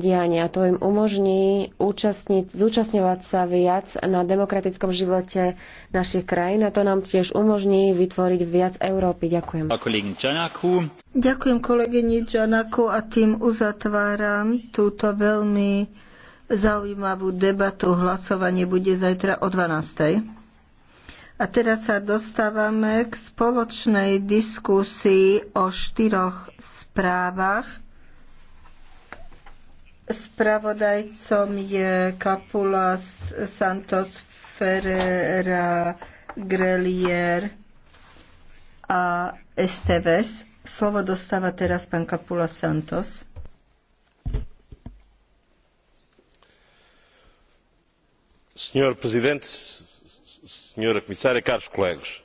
diania. To im umožní účastniť, zúčastňovať sa viac na demokratickom živote našich krajín a to nám tiež umožní vytvoriť viac Európy. Ďakujem. Ďakujem kolegyni Čanaku a tým uzatváram túto veľmi zaujímavú debatu. Hlasovanie bude zajtra o 12. A teraz sa dostávame k spoločnej diskusii o štyroch správach. Spravodajcom je Kapula Santos Ferreira Grelier a Esteves. Slovo dostáva teraz pán Kapula Santos. Senhor Presidente, Senhora Comissária, caros colegas.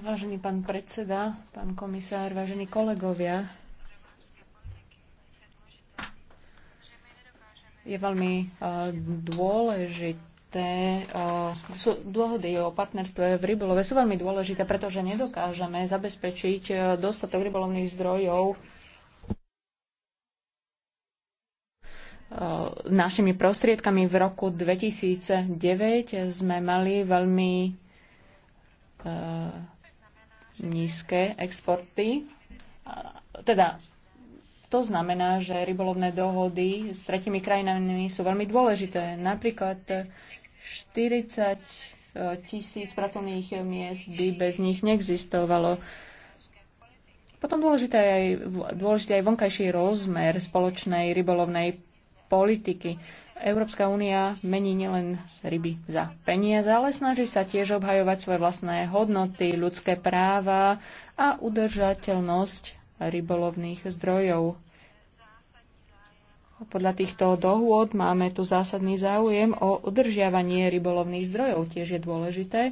Vážený pán predseda, pán komisár, vážení kolegovia, je veľmi e, dôležité, e, sú dôhody o partnerstve v rybolove sú veľmi dôležité, pretože nedokážeme zabezpečiť e, dostatok rybolovných zdrojov našimi prostriedkami. V roku 2009 sme mali veľmi nízke exporty, teda to znamená, že rybolovné dohody s tretimi krajinami sú veľmi dôležité. Napríklad 40 e, tisíc pracovných miest by bez nich neexistovalo. Potom dôležité je aj, dôležitý aj vonkajší rozmer spoločnej rybolovnej politiky. Európska únia mení nielen ryby za peniaze, ale snaží sa tiež obhajovať svoje vlastné hodnoty, ľudské práva a udržateľnosť rybolovných zdrojov. Podľa týchto dohôd máme tu zásadný záujem o udržiavanie rybolovných zdrojov. Tiež je dôležité,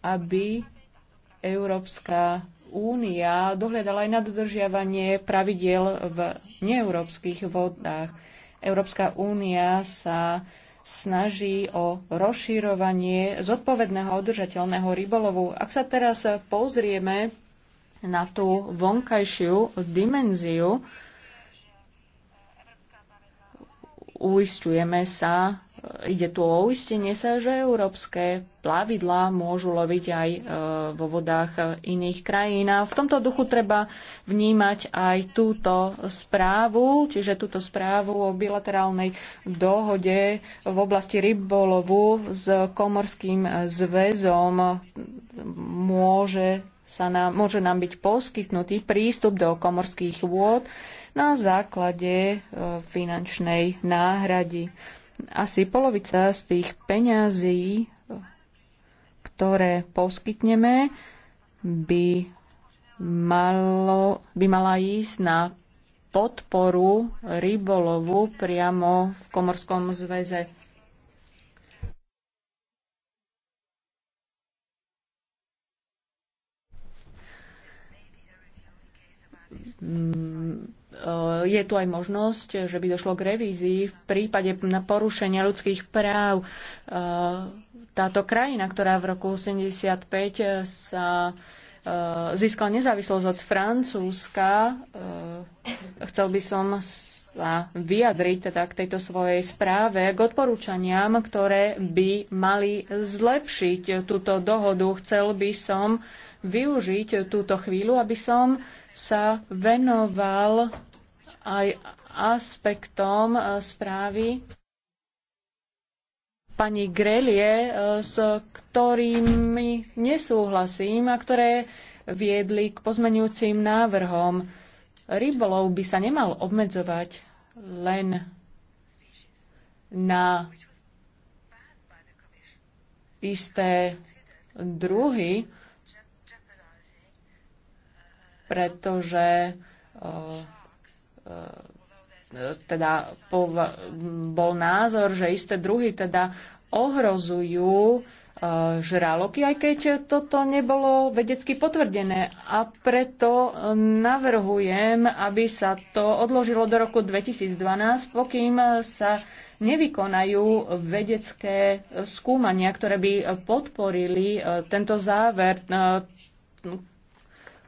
aby Európska únia dohľadala aj na dodržiavanie pravidiel v neeurópskych vodách. Európska únia sa snaží o rozširovanie zodpovedného a udržateľného rybolovu. Ak sa teraz pozrieme na tú vonkajšiu dimenziu, uistujeme sa, e, ide tu o uistenie sa, že európske plavidlá môžu loviť aj e, vo vodách e, iných krajín. A v tomto duchu treba vnímať aj túto správu, čiže túto správu o bilaterálnej dohode v oblasti rybolovu s Komorským zväzom môže sa nám, môže nám byť poskytnutý prístup do komorských vôd na základe e, finančnej náhrady. Asi polovica z tých peňazí, e, ktoré poskytneme, by, malo, by mala ísť na podporu rybolovu priamo v Komorskom zväze. Mm Eh, je tu aj možnosť, že by došlo k revízii v prípade na porušenia ľudských práv. Eh, táto krajina, ktorá v roku 1985 sa eh, získala nezávislosť od Francúzska, chcel by som sa vyjadriť teda k tejto svojej správe, k odporúčaniam, ktoré by mali zlepšiť túto dohodu. Chcel by som využiť túto chvíľu, aby som sa venoval aj aspektom e, správy pani Grelie, e, s ktorými nesúhlasím a ktoré viedli k pozmenujúcim návrhom. Rybolov by sa nemal obmedzovať len na isté druhy, pretože e, E, teda bol názor, že isté druhy teda ohrozujú e, žraloky, aj keď toto nebolo vedecky potvrdené. A preto navrhujem, aby sa to odložilo do roku 2012, pokým sa nevykonajú vedecké skúmania, ktoré by podporili e, tento záver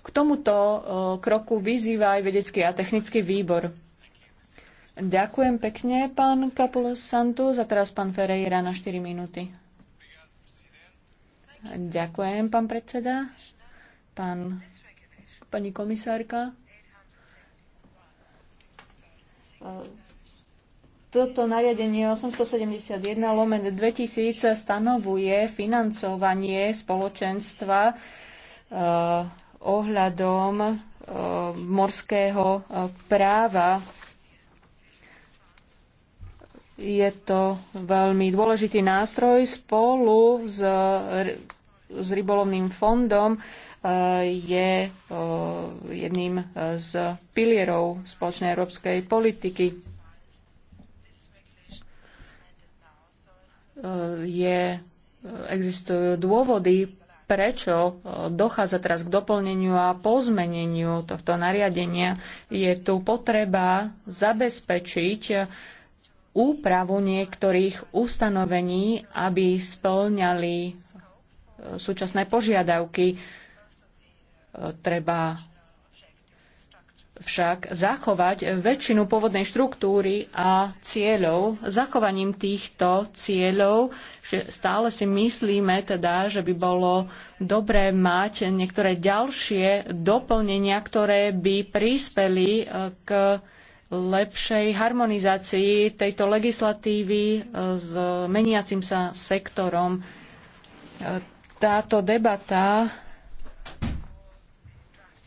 k tomuto e, kroku vyzýva aj vedecký a technický výbor. Ďakujem pekne, pán Kapulos Santos. A teraz pán Ferreira na 4 minúty. Ďakujem, pán predseda. Pán, pani komisárka. Toto nariadenie 871 lomen 2000 stanovuje financovanie spoločenstva e, ohľadom eh, morského eh, práva. Je to veľmi dôležitý nástroj spolu s, s rybolovným fondom eh, je jedným z pilierov spoločnej európskej politiky. Je, existujú dôvody, prečo e, dochádza teraz k doplneniu a pozmeneniu tohto nariadenia. Je tu potreba zabezpečiť úpravu niektorých ustanovení, aby splňali e, súčasné požiadavky. E, treba však zachovať väčšinu pôvodnej štruktúry a cieľov. Zachovaním týchto cieľov že stále si myslíme teda, že by bolo dobré mať niektoré ďalšie doplnenia, ktoré by prispeli eh, k lepšej harmonizácii tejto legislatívy eh, s meniacim sa sektorom. Eh, táto debata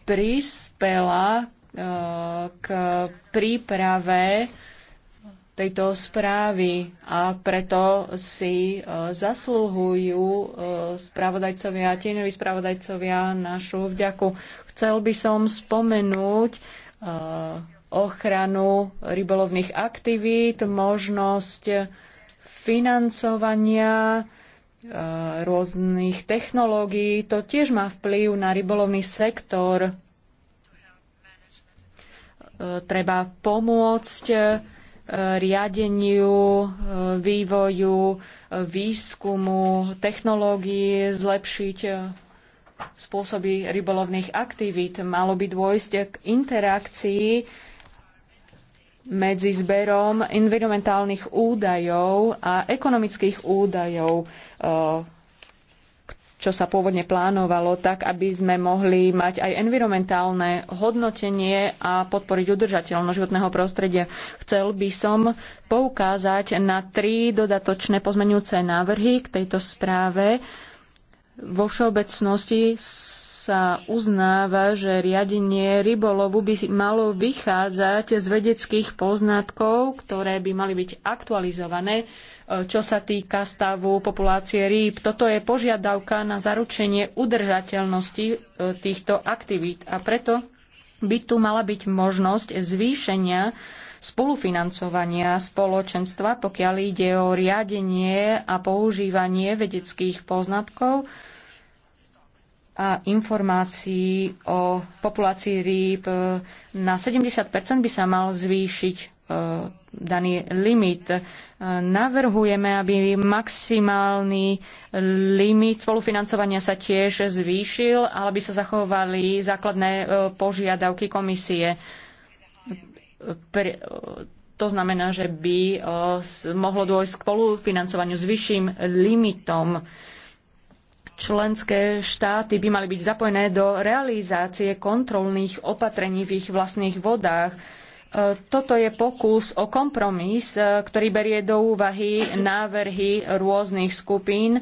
prispela k príprave tejto správy a preto si e, zaslúhujú e, spravodajcovia, tieňoví spravodajcovia našu vďaku. Chcel by som spomenúť e, ochranu rybolovných aktivít, možnosť financovania rôznych technológií. To tiež má vplyv na rybolovný sektor treba pomôcť e, riadeniu, e, vývoju, výskumu, technológií, zlepšiť e, spôsoby rybolovných aktivít. Malo by dôjsť k interakcii medzi zberom environmentálnych údajov a ekonomických údajov čo sa pôvodne plánovalo, tak aby sme mohli mať aj environmentálne hodnotenie a podporiť udržateľnosť životného prostredia. Chcel by som poukázať na tri dodatočné pozmenujúce návrhy k tejto správe. Vo všeobecnosti sa uznáva, že riadenie rybolovu by malo vychádzať z vedeckých poznatkov, ktoré by mali byť aktualizované, e, čo sa týka stavu populácie rýb. Toto je požiadavka na zaručenie udržateľnosti e, týchto aktivít a preto by tu mala byť možnosť zvýšenia spolufinancovania spoločenstva, pokiaľ ide o riadenie a používanie vedeckých poznatkov a informácií o populácii rýb. Na 70 by sa mal zvýšiť e, daný limit. E, navrhujeme, aby maximálny limit spolufinancovania sa tiež zvýšil, ale aby sa zachovali základné e, požiadavky komisie pre, to znamená, že by mohlo dôjsť k spolufinancovaniu s vyšším limitom. Členské štáty by mali byť zapojené do realizácie kontrolných opatrení v ich vlastných vodách. E, toto je pokus o kompromis, e, ktorý berie do úvahy návrhy rôznych skupín e,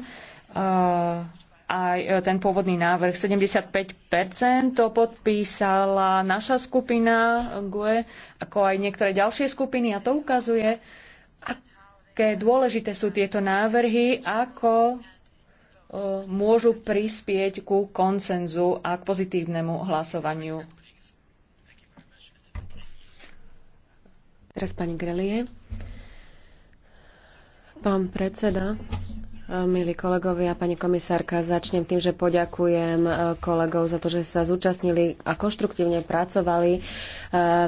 aj e, ten pôvodný návrh. 75% to podpísala naša skupina GUE, ako aj niektoré ďalšie skupiny a to ukazuje, aké dôležité sú tieto návrhy, ako e, môžu prispieť ku koncenzu a k pozitívnemu hlasovaniu. Teraz pani Grelie. Pán predseda, Milí kolegovia, pani komisárka, začnem tým, že poďakujem e, kolegov za to, že sa zúčastnili a konštruktívne pracovali e,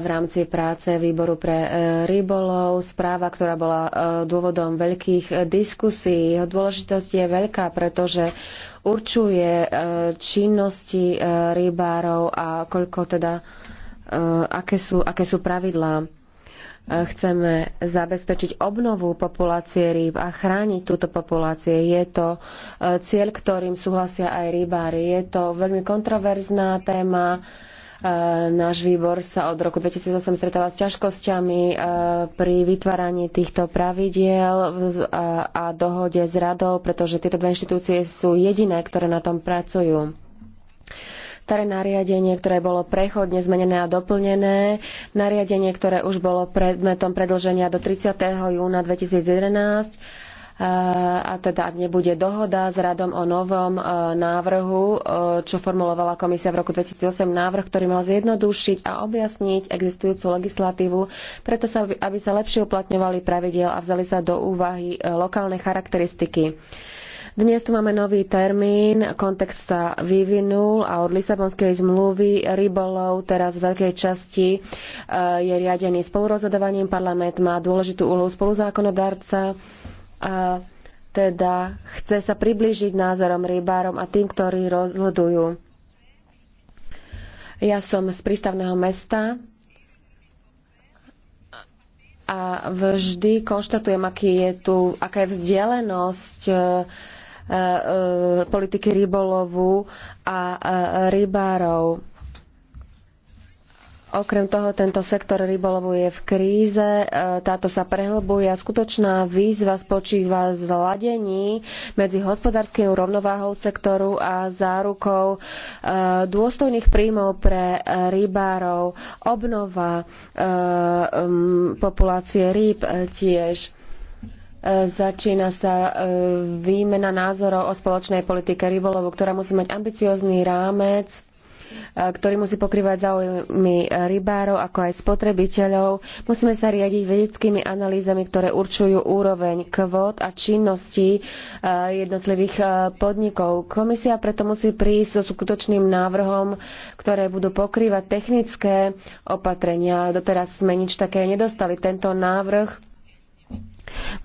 v rámci práce výboru pre e, rybolov. Správa, ktorá bola dôvodom veľkých diskusí, jeho dôležitosť je veľká, pretože určuje činnosti rybárov a koľko teda, aké sú, aké sú pravidlá chceme zabezpečiť obnovu populácie rýb a chrániť túto populácie. Je to e, cieľ, ktorým súhlasia aj rybári. Je to veľmi kontroverzná téma. E, náš výbor sa od roku 2008 stretáva s ťažkosťami e, pri vytváraní týchto pravidiel a dohode s radou, pretože tieto dve inštitúcie sú jediné, ktoré na tom pracujú staré nariadenie, ktoré bolo prechodne zmenené a doplnené, nariadenie, ktoré už bolo predmetom predlženia do 30. júna 2011 a teda ak nebude dohoda s radom o novom e, návrhu, e, čo formulovala komisia v roku 2008, návrh, ktorý mal zjednodušiť a objasniť existujúcu legislatívu, preto sa, aby sa lepšie uplatňovali pravidiel a vzali sa do úvahy e, lokálne charakteristiky. Dnes tu máme nový termín, kontext sa vyvinul a od Lisabonskej zmluvy rybolov teraz v veľkej časti e, je riadený spolurozhodovaním. Parlament má dôležitú úlohu spoluzákonodárca, a teda chce sa priblížiť názorom rybárom a tým, ktorí rozhodujú. Ja som z prístavného mesta a vždy konštatujem, aký je tu, aká je vzdialenosť e, Eh, eh, politiky rybolovu a eh, rybárov. Okrem toho, tento sektor rybolovu je v kríze, táto sa prehlbuje a skutočná výzva spočíva v zladení medzi hospodárskou rovnováhou sektoru a zárukou dôstojných príjmov pre rybárov, obnova populácie rýb tiež E, začína sa e, výmena názorov o spoločnej politike rybolovu, ktorá musí mať ambiciózny rámec, e, ktorý musí pokrývať záujmy rybárov ako aj spotrebiteľov. Musíme sa riadiť vedeckými analýzami, ktoré určujú úroveň kvót a činnosti jednotlivých podnikov. Komisia preto musí prísť so skutočným návrhom, ktoré budú pokrývať technické opatrenia. Doteraz sme nič také nedostali. Tento návrh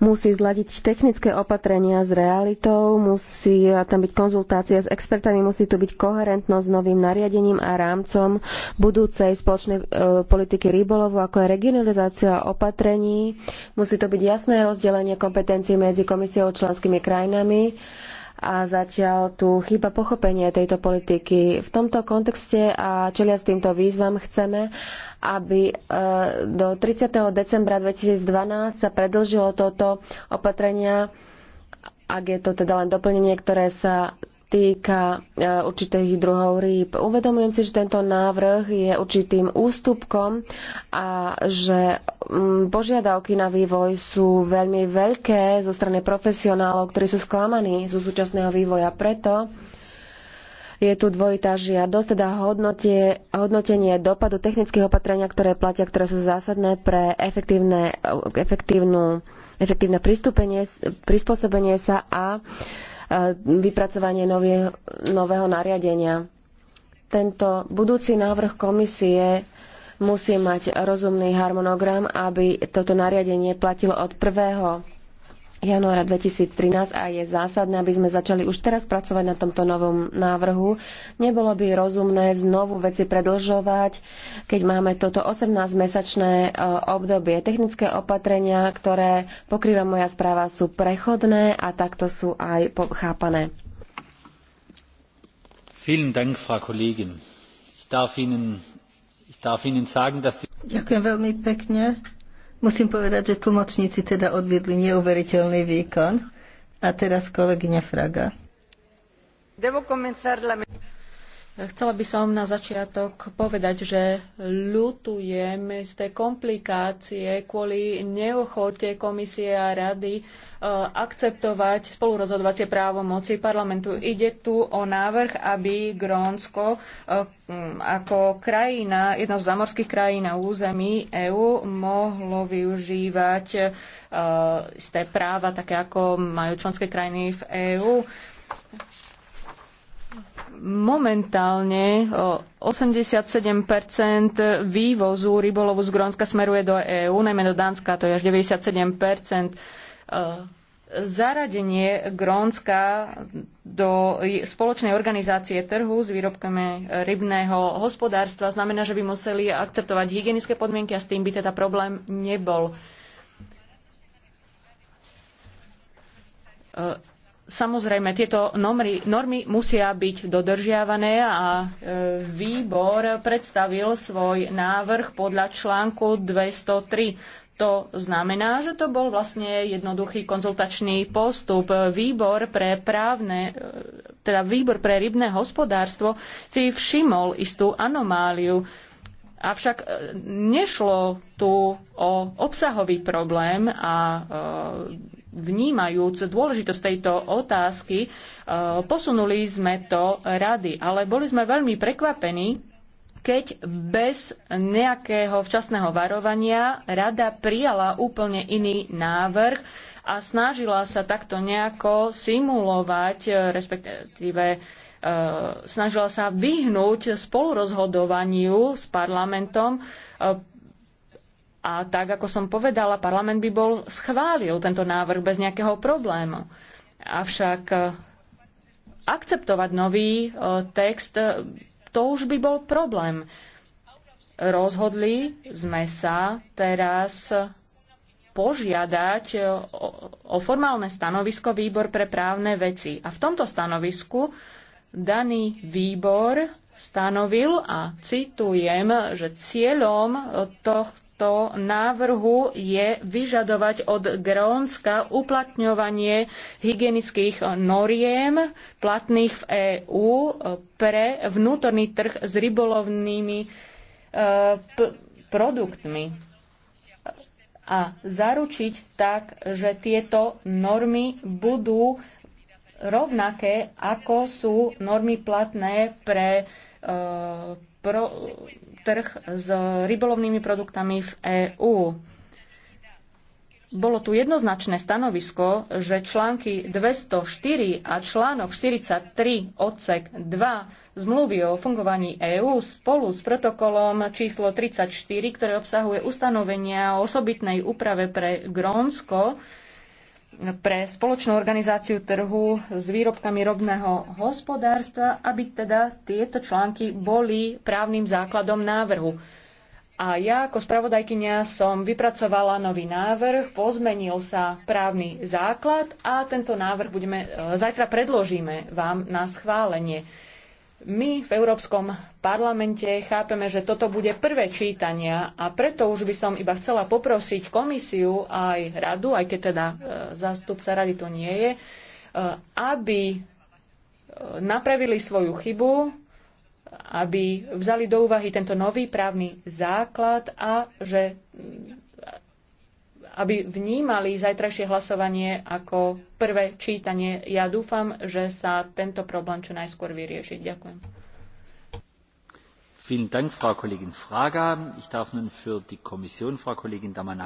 musí zladiť technické opatrenia s realitou, musí tam byť konzultácia s expertami, musí tu byť koherentnosť s novým nariadením a rámcom budúcej spoločnej e, politiky rybolovu, ako je regionalizácia opatrení. Musí to byť jasné rozdelenie kompetencií medzi komisiou a členskými krajinami a zatiaľ tu chýba pochopenie tejto politiky. V tomto kontexte a čelia s týmto výzvam chceme, aby e, do 30. decembra 2012 sa predlžilo toto opatrenia, ak je to teda len doplnenie, ktoré sa týka e, určitých druhov rýb. Uvedomujem si, že tento návrh je určitým ústupkom a že požiadavky na vývoj sú veľmi veľké zo strany profesionálov, ktorí sú sklamaní zo súčasného vývoja. Preto je tu dvojitá žiadosť, teda hodnotie, hodnotenie dopadu technických opatrenia, ktoré platia, ktoré sú zásadné pre efektívne, efektívnu, efektívne prispôsobenie sa a e, vypracovanie novie, nového nariadenia. Tento budúci návrh komisie musí mať rozumný harmonogram, aby toto nariadenie platilo od 1. januára 2013 a je zásadné, aby sme začali už teraz pracovať na tomto novom návrhu. Nebolo by rozumné znovu veci predlžovať, keď máme toto 18-mesačné e, obdobie. Technické opatrenia, ktoré pokrýva moja správa, sú prechodné a takto sú aj chápané. Vielen Dank, Frau Kollegin. Ich darf Ihnen Ďakujem veľmi pekne. Musím povedať, že tlmočníci teda odviedli neuveriteľný výkon. A teraz kolegyňa Fraga. Chcela by som na začiatok povedať, že ľutujem z tej komplikácie kvôli neochote komisie a rady e, akceptovať spolurozhodovacie právomoci parlamentu. Ide tu o návrh, aby Grónsko e, ako krajina, jedno z zamorských krajín na území EÚ mohlo využívať e, isté práva, také ako majú členské krajiny v EÚ Momentálne 87 vývozu rybolovu z Grónska smeruje do EÚ, najmä do Dánska, to je až 97 e, Zaradenie Grónska do spoločnej organizácie trhu s výrobkami rybného hospodárstva znamená, že by museli akceptovať hygienické podmienky a s tým by teda problém nebol. E, Samozrejme, tieto normy, normy musia byť dodržiavané a e, výbor predstavil svoj návrh podľa článku 203 to znamená, že to bol vlastne jednoduchý konzultačný postup. Výbor pre právne, e, teda výbor pre rybné hospodárstvo si všimol istú anomáliu. Avšak e, nešlo tu o obsahový problém a e, vnímajúc dôležitosť tejto otázky, e, posunuli sme to rady. Ale boli sme veľmi prekvapení, keď bez nejakého včasného varovania rada prijala úplne iný návrh a snažila sa takto nejako simulovať, e, respektíve e, snažila sa vyhnúť spolurozhodovaniu s parlamentom a tak, ako som povedala, parlament by bol schválil tento návrh bez nejakého problému. Avšak e, akceptovať nový e, text, e, to už by bol problém. Rozhodli sme sa teraz požiadať o formálne stanovisko výbor pre právne veci. A v tomto stanovisku daný výbor stanovil, a citujem, že cieľom tohto tohto návrhu je vyžadovať od Grónska uplatňovanie hygienických noriem platných v EÚ e, pre vnútorný trh s rybolovnými e, produktmi a zaručiť tak, že tieto normy budú rovnaké, ako sú normy platné pre, e, pro, trh s rybolovnými produktami v EÚ. Bolo tu jednoznačné stanovisko, že články 204 a článok 43 odsek 2 zmluvy o fungovaní EÚ spolu s protokolom číslo 34, ktoré obsahuje ustanovenia o osobitnej úprave pre Grónsko, pre spoločnú organizáciu trhu s výrobkami robného hospodárstva, aby teda tieto články boli právnym základom návrhu. A ja ako spravodajkynia som vypracovala nový návrh, pozmenil sa právny základ a tento návrh budeme, e, zajtra predložíme vám na schválenie my v Európskom parlamente chápeme, že toto bude prvé čítania a preto už by som iba chcela poprosiť komisiu aj radu, aj keď teda e, zástupca rady to nie je, e, aby e, napravili svoju chybu, aby vzali do úvahy tento nový právny základ a že aby vnímali zajtrajšie hlasovanie ako prvé čítanie. Ja dúfam, že sa tento problém čo najskôr vyrieši. Ďakujem.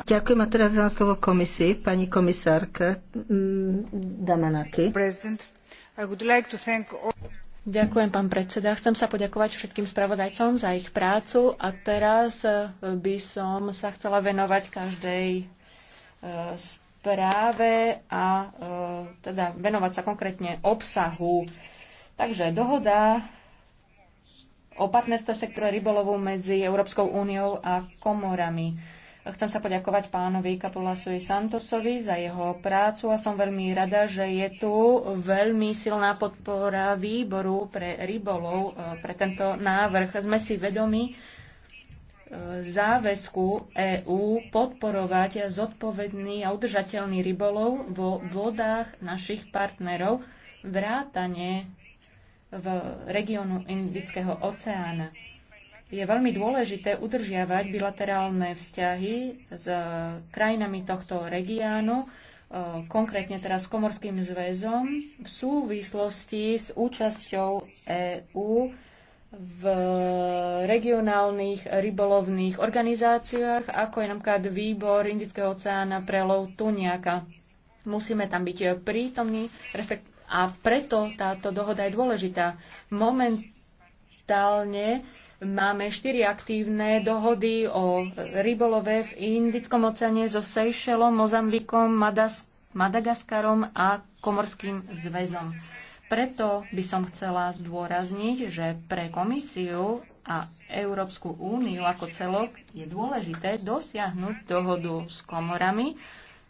Ďakujem a teraz dám slovo komisii, pani komisárke mm, Damanaki. Ďakujem, pán predseda. Chcem sa poďakovať všetkým spravodajcom za ich prácu a teraz eh, by som sa chcela venovať každej správe a e, teda venovať sa konkrétne obsahu. Takže dohoda o partnerstve sektora rybolovu medzi Európskou úniou a komorami. Chcem sa poďakovať pánovi Kapulasovi Santosovi za jeho prácu a som veľmi rada, že je tu veľmi silná podpora výboru pre rybolov e, pre tento návrh. Sme si vedomi, záväzku EÚ podporovať zodpovedný a udržateľný rybolov vo vodách našich partnerov vrátane v regiónu Indického oceána. Je veľmi dôležité udržiavať bilaterálne vzťahy s krajinami tohto regiánu, e, konkrétne teraz s Komorským zväzom, v súvislosti s účasťou EÚ v regionálnych rybolovných organizáciách, ako je napríklad výbor Indického oceána pre lov tuniaka. Musíme tam byť prítomní a preto táto dohoda je dôležitá. Momentálne máme štyri aktívne dohody o rybolove v Indickom oceáne so Seychellom, Mozambikom, Madas- Madagaskarom a Komorským zväzom preto by som chcela zdôrazniť, že pre komisiu a Európsku úniu ako celok je dôležité dosiahnuť dohodu s komorami,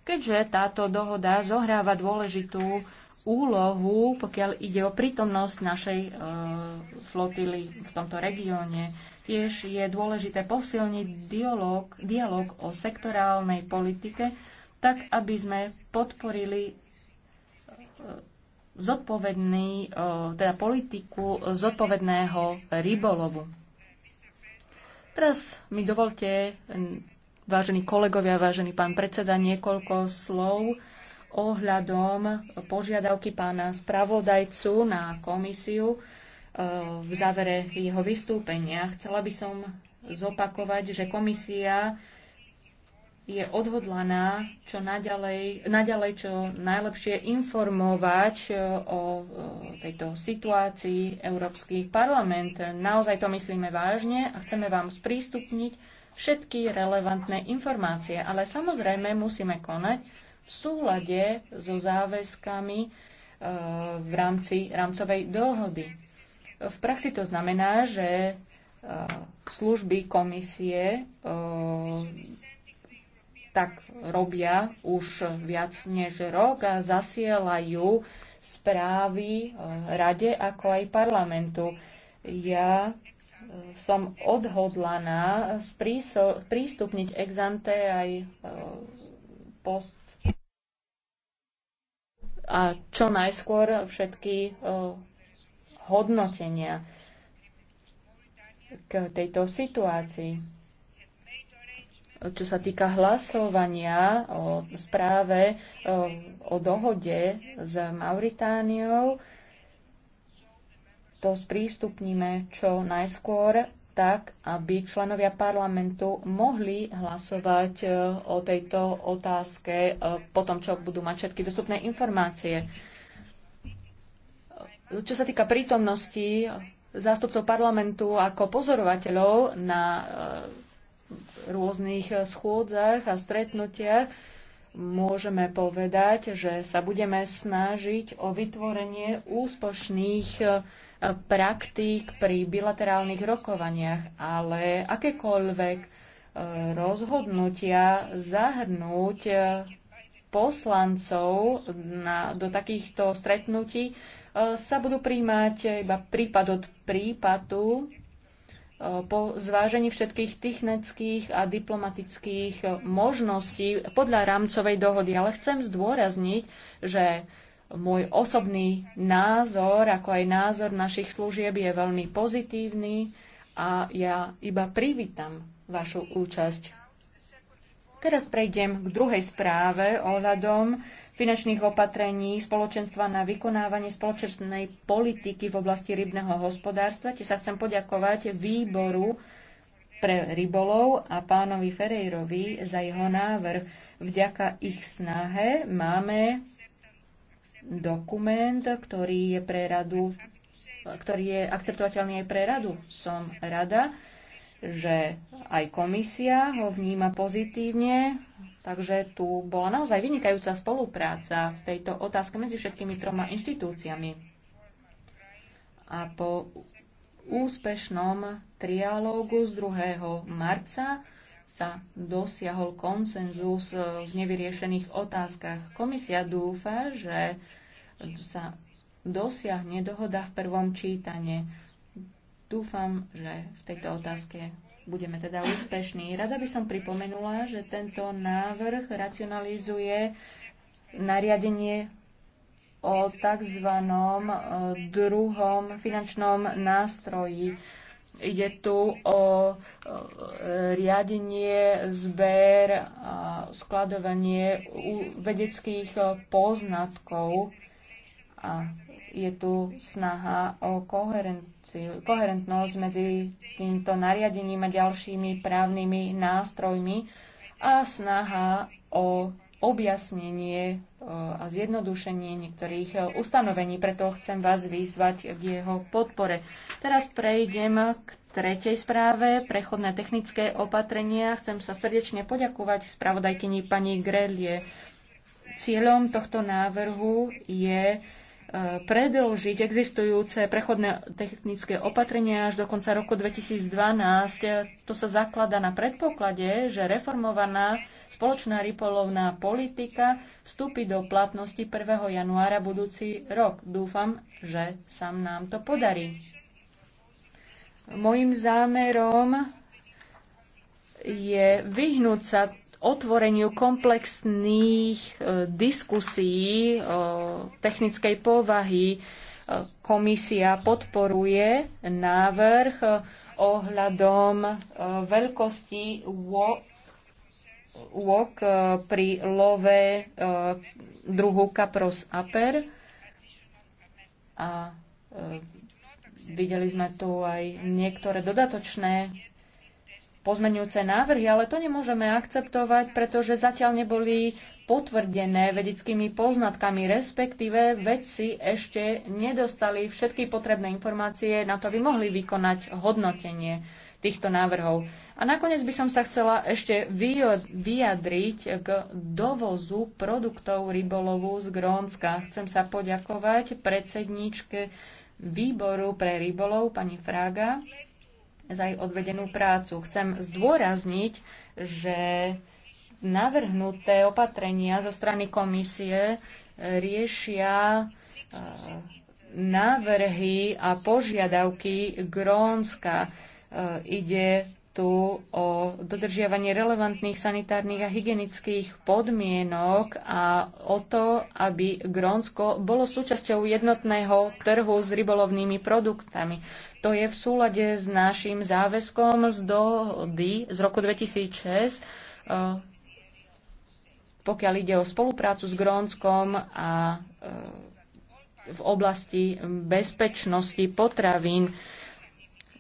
keďže táto dohoda zohráva dôležitú úlohu, pokiaľ ide o prítomnosť našej e, flotily v tomto regióne. Tiež je dôležité posilniť dialog, dialog o sektorálnej politike, tak aby sme podporili e, zodpovedný, e, teda politiku zodpovedného rybolovu. Teraz mi dovolte, vážení kolegovia, vážený pán predseda, niekoľko slov ohľadom požiadavky pána spravodajcu na komisiu e, v závere jeho vystúpenia. Chcela by som zopakovať, že komisia je odhodlaná čo naďalej, naďalej čo najlepšie informovať e, o e, tejto situácii Európsky parlament. Naozaj to myslíme vážne a chceme vám sprístupniť všetky relevantné informácie, ale samozrejme musíme konať v súlade so záväzkami e, v rámci rámcovej dohody. V praxi to znamená, že služby komisie tak robia už viac než rok a zasielajú správy e, rade ako aj parlamentu. Ja e, som odhodlaná prístupniť exante aj e, post a čo najskôr všetky hodnotenia k tejto situácii čo sa týka hlasovania o správe o dohode s Mauritániou, to sprístupníme čo najskôr, tak aby členovia parlamentu mohli hlasovať e, o tejto otázke e, po tom, čo budú mať všetky dostupné informácie. Čo sa týka prítomnosti zástupcov parlamentu ako pozorovateľov na e, rôznych eh, schôdzach a stretnutiach môžeme povedať, že sa budeme snažiť o vytvorenie úspešných eh, praktík pri bilaterálnych rokovaniach, ale akékoľvek eh, rozhodnutia zahrnúť poslancov na, do takýchto stretnutí sa budú príjmať iba prípad od prípadu Eh, po zvážení všetkých technických a diplomatických eh, možností podľa rámcovej dohody. Ale chcem zdôrazniť, že môj osobný názor, ako aj názor našich služieb je veľmi pozitívny a ja iba privítam vašu účasť. Teraz prejdem k druhej správe ohľadom finančných opatrení spoločenstva na vykonávanie spoločenstvenej politiky v oblasti rybného hospodárstva. Te sa chcem poďakovať výboru pre rybolov a pánovi Ferejrovi za jeho návrh. Vďaka ich snahe máme dokument, ktorý je pre radu, ktorý je akceptovateľný aj pre radu. Som rada, že aj komisia ho vníma pozitívne Takže tu bola naozaj vynikajúca spolupráca v tejto otázke medzi všetkými troma inštitúciami. A po úspešnom trialógu z 2. marca sa dosiahol konsenzus v nevyriešených otázkach. Komisia dúfa, že sa dosiahne dohoda v prvom čítane. Dúfam, že v tejto otázke budeme teda úspešní. Rada by som pripomenula, že tento návrh racionalizuje nariadenie o tzv. E, druhom finančnom nástroji. Ide tu o e, riadenie, zber a skladovanie vedeckých e, poznatkov a je tu snaha o koherentnosť koherentnosť medzi týmto nariadením a ďalšími právnymi nástrojmi a snaha o objasnenie e, a zjednodušenie niektorých e, ustanovení, preto chcem vás vyzvať k jeho podpore. Teraz prejdem k tretej správe, prechodné technické opatrenia. Chcem sa srdečne poďakovať spravodajkyni pani Grelie. Cieľom tohto návrhu je predlžiť existujúce prechodné technické opatrenia až do konca roku 2012. To sa zaklada na predpoklade, že reformovaná spoločná rypolovná politika vstúpi do platnosti 1. januára budúci rok. Dúfam, že sa nám to podarí. Mojím zámerom je vyhnúť sa otvoreniu komplexných e, diskusí e, technickej povahy. E, komisia podporuje návrh ohľadom veľkosti úok pri love druhu kapros. aper. A videli sme tu aj niektoré dodatočné pozmenujúce návrhy, ale to nemôžeme akceptovať, pretože zatiaľ neboli potvrdené vedeckými poznatkami, respektíve vedci ešte nedostali všetky potrebné informácie na to, aby mohli vykonať hodnotenie týchto návrhov. A nakoniec by som sa chcela ešte vyjadriť k dovozu produktov rybolovu z Grónska. Chcem sa poďakovať predsedníčke výboru pre rybolov, pani Fraga, za ich odvedenú prácu. Chcem zdôrazniť, že navrhnuté opatrenia zo strany komisie e, riešia e, návrhy a požiadavky Grónska. E, ide tu o dodržiavanie relevantných sanitárnych a hygienických podmienok a o to, aby Grónsko bolo súčasťou jednotného trhu s rybolovnými produktami. To je v súlade s našim záväzkom z dohody z roku 2006, e, pokiaľ ide o spoluprácu s Grónskom a e, v oblasti bezpečnosti potravín.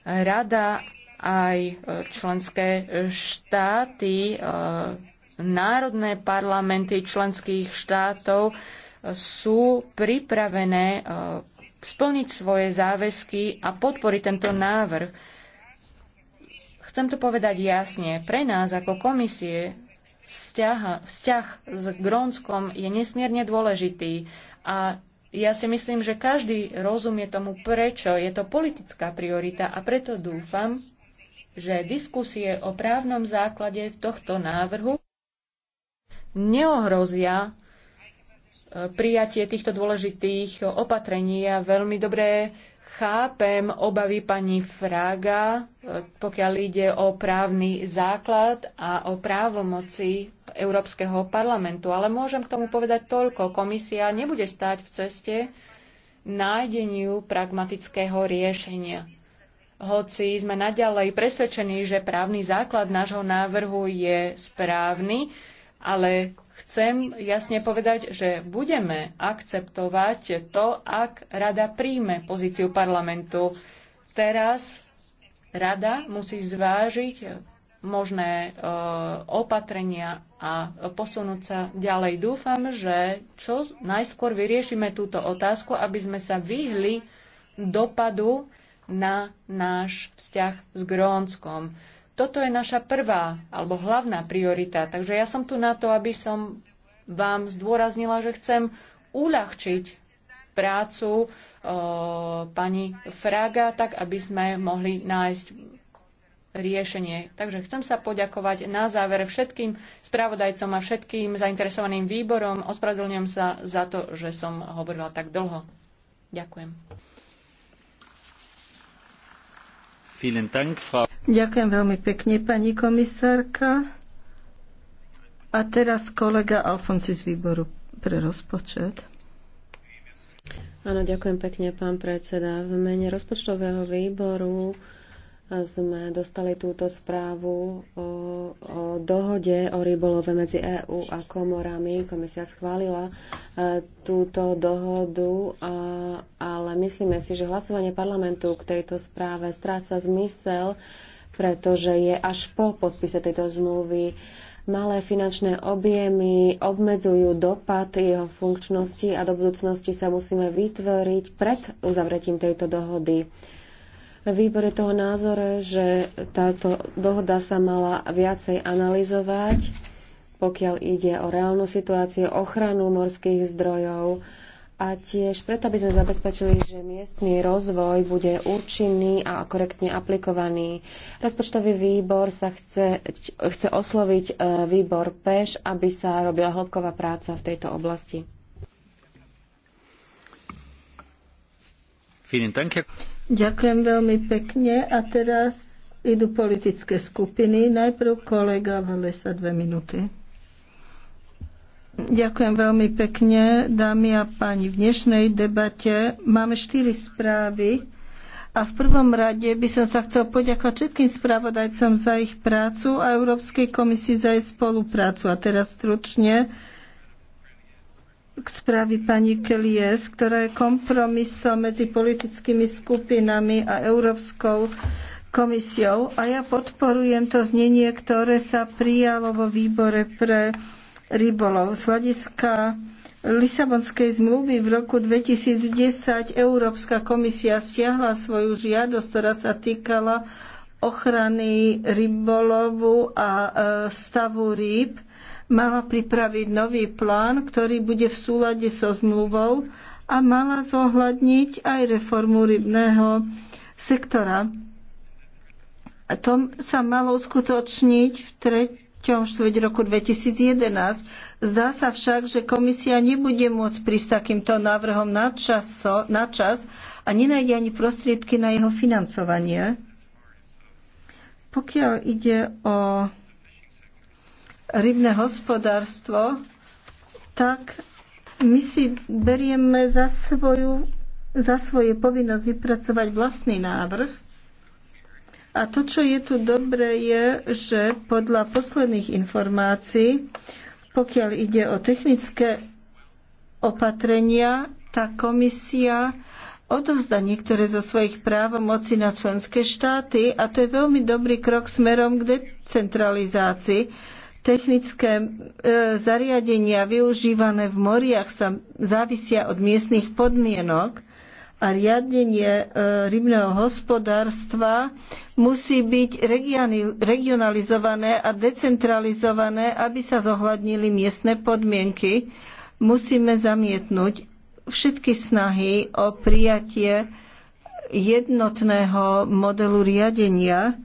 Rada aj členské štáty, e, národné parlamenty členských štátov sú pripravené splniť svoje záväzky a podporiť tento návrh. Chcem to povedať jasne. Pre nás ako komisie vzťah, vzťah s Grónskom je nesmierne dôležitý a ja si myslím, že každý rozumie tomu, prečo je to politická priorita a preto dúfam, že diskusie o právnom základe tohto návrhu neohrozia prijatie týchto dôležitých opatrení. Ja veľmi dobre chápem obavy pani Fraga, pokiaľ ide o právny základ a o právomoci Európskeho parlamentu. Ale môžem k tomu povedať toľko. Komisia nebude stáť v ceste nájdeniu pragmatického riešenia. Hoci sme naďalej presvedčení, že právny základ nášho návrhu je správny, ale chcem jasne povedať, že budeme akceptovať to, ak rada príjme pozíciu parlamentu. Teraz rada musí zvážiť možné e, opatrenia a posunúť sa ďalej. Dúfam, že čo najskôr vyriešime túto otázku, aby sme sa vyhli dopadu na náš vzťah s Grónskom. Toto je naša prvá alebo hlavná priorita. Takže ja som tu na to, aby som vám zdôraznila, že chcem uľahčiť prácu o, eh, pani Fraga, tak aby sme mohli nájsť riešenie. Takže chcem sa poďakovať na záver všetkým spravodajcom a všetkým zainteresovaným výborom. Ospravedlňujem sa za to, že som hovorila tak dlho. Ďakujem. Vielen Dank, Frau Ďakujem veľmi pekne, pani komisárka. A teraz kolega Alfonsi z výboru pre rozpočet. Áno, ďakujem pekne, pán predseda. V mene rozpočtového výboru sme dostali túto správu o, o dohode o rybolove medzi EÚ a komorami. Komisia schválila e, túto dohodu, a, ale myslíme si, že hlasovanie parlamentu k tejto správe stráca zmysel, pretože je až po podpise tejto zmluvy. Malé finančné objemy obmedzujú dopad jeho funkčnosti a do budúcnosti sa musíme vytvoriť pred uzavretím tejto dohody. Výbor je toho názore, že táto dohoda sa mala viacej analyzovať, pokiaľ ide o reálnu situáciu, ochranu morských zdrojov, a tiež preto, aby sme zabezpečili, že miestný rozvoj bude účinný a korektne aplikovaný. Rozpočtový výbor sa chce, chce osloviť e, výbor PEŠ, aby sa robila hĺbková práca v tejto oblasti. Ďakujem veľmi pekne a teraz idú politické skupiny. Najprv kolega Valesa dve minúty. Ďakujem veľmi pekne, dámy a páni. V dnešnej debate máme štyri správy a v prvom rade by som sa chcel poďakovať všetkým správodajcom za ich prácu a Európskej komisii za jej spoluprácu. A teraz stručne k správe pani Kelies, ktorá je kompromisom medzi politickými skupinami a Európskou komisiou. A ja podporujem to znenie, ktoré sa prijalo vo výbore pre rybolov. Z hľadiska Lisabonskej zmluvy v roku 2010 Európska komisia stiahla svoju žiadosť, ktorá sa týkala ochrany rybolovu a e, stavu rýb. Mala pripraviť nový plán, ktorý bude v súlade so zmluvou a mala zohľadniť aj reformu rybného sektora. A to sa malo uskutočniť v tretej 3. štvrť roku 2011. Zdá sa však, že komisia nebude môcť prísť takýmto návrhom na, časo, na čas a nenájde ani prostriedky na jeho financovanie. Pokiaľ ide o rybné hospodárstvo, tak my si berieme za, svoju, za svoje povinnosť vypracovať vlastný návrh a to, čo je tu dobré, je, že podľa posledných informácií, pokiaľ ide o technické opatrenia, tá komisia odovzda niektoré zo svojich právomocí na členské štáty a to je veľmi dobrý krok smerom k decentralizácii. Technické e, zariadenia využívané v moriach sa závisia od miestnych podmienok a riadenie e, rybného hospodárstva musí byť regionalizované a decentralizované, aby sa zohľadnili miestne podmienky. Musíme zamietnúť všetky snahy o prijatie jednotného modelu riadenia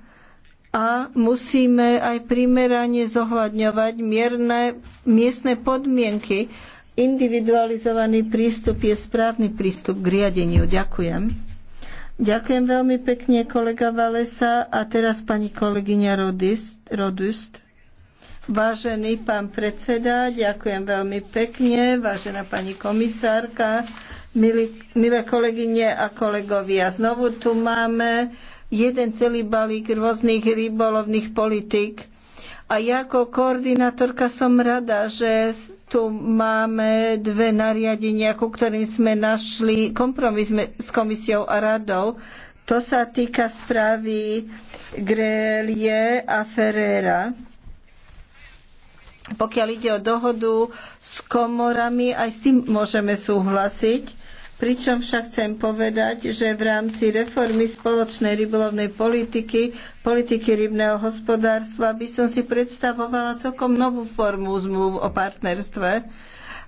a musíme aj primerane zohľadňovať mierne, miestne podmienky, Individualizovaný prístup je správny prístup k riadeniu. Ďakujem. Ďakujem veľmi pekne, kolega Valesa. A teraz pani kolegyňa Rodust. Vážený pán predseda, ďakujem veľmi pekne. Vážená pani komisárka, milí, milé kolegyne a kolegovia, znovu tu máme jeden celý balík rôznych rybolovných politik. A ja ako koordinátorka som rada, že tu máme dve nariadenia, ku ktorým sme našli kompromis s komisiou a radou. To sa týka správy Grelie a Ferrera. Pokiaľ ide o dohodu s komorami, aj s tým môžeme súhlasiť Pričom však chcem povedať, že v rámci reformy spoločnej rybolovnej politiky, politiky rybného hospodárstva by som si predstavovala celkom novú formu zmluv o partnerstve,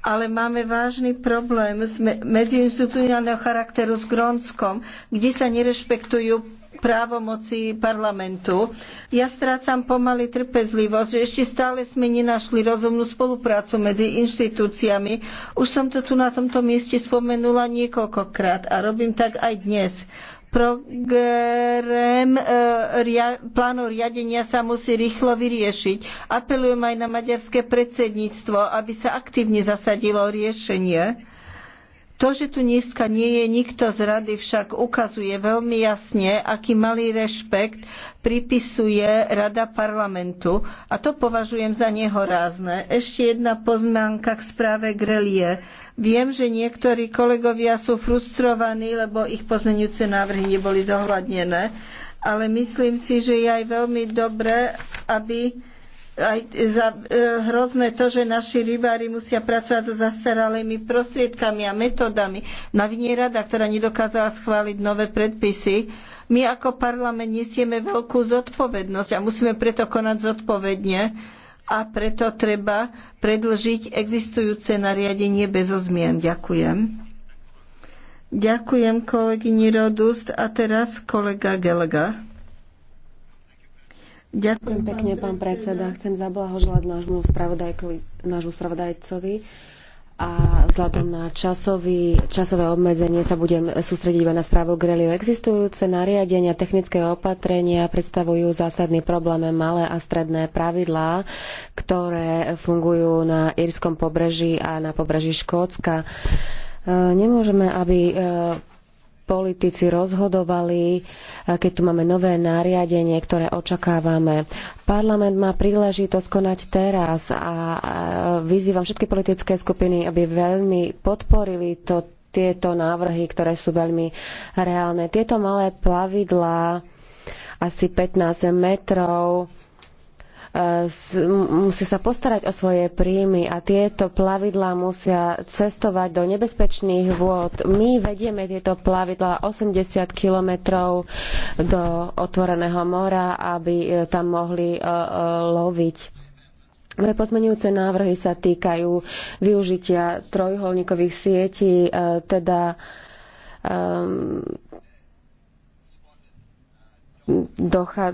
ale máme vážny problém medziinstitucionálneho charakteru s Grónskom, kde sa nerešpektujú právomoci parlamentu. Ja strácam pomaly trpezlivosť, že ešte stále sme nenašli rozumnú spoluprácu medzi inštitúciami. Už som to tu na tomto mieste spomenula niekoľkokrát a robím tak aj dnes program e, plánu riadenia sa musí rýchlo vyriešiť. Apelujem aj na maďarské predsedníctvo, aby sa aktívne zasadilo riešenie to, že tu dneska nie je nikto z rady, však ukazuje veľmi jasne, aký malý rešpekt pripisuje rada parlamentu. A to považujem za nehorázne. Ešte jedna poznámka k správe Grelie. Viem, že niektorí kolegovia sú frustrovaní, lebo ich pozmeňujúce návrhy neboli zohľadnené. Ale myslím si, že je aj veľmi dobré, aby aj za e, hrozné to, že naši rybári musia pracovať so zastaralými prostriedkami a metodami. Na rada, ktorá nedokázala schváliť nové predpisy. My ako parlament nesieme veľkú zodpovednosť a musíme preto konať zodpovedne a preto treba predlžiť existujúce nariadenie bez zmien. Ďakujem. Ďakujem kolegyni Rodust a teraz kolega Gelga. Ďakujem pekne, pán predseda. Chcem zablahoželať nášmu nášmu spravodajcovi a vzhľadom na časový, časové obmedzenie sa budem sústrediť iba na správu Greliu. Existujúce nariadenia, technické opatrenia predstavujú zásadný problém malé a stredné pravidlá, ktoré fungujú na írskom pobreží a na pobreží Škótska. E, nemôžeme, aby e, politici rozhodovali, e, keď tu máme nové nariadenie, ktoré očakávame. Parlament má príležitosť konať teraz a e, vyzývam všetky politické skupiny, aby veľmi podporili to, tieto návrhy, ktoré sú veľmi reálne. Tieto malé plavidlá asi 15 metrov musí sa postarať o svoje príjmy a tieto plavidlá musia cestovať do nebezpečných vôd. My vedieme tieto plavidlá 80 kilometrov do otvoreného mora, aby e, tam mohli e, e, loviť. Moje pozmenujúce návrhy sa týkajú využitia trojuholníkových sietí, teda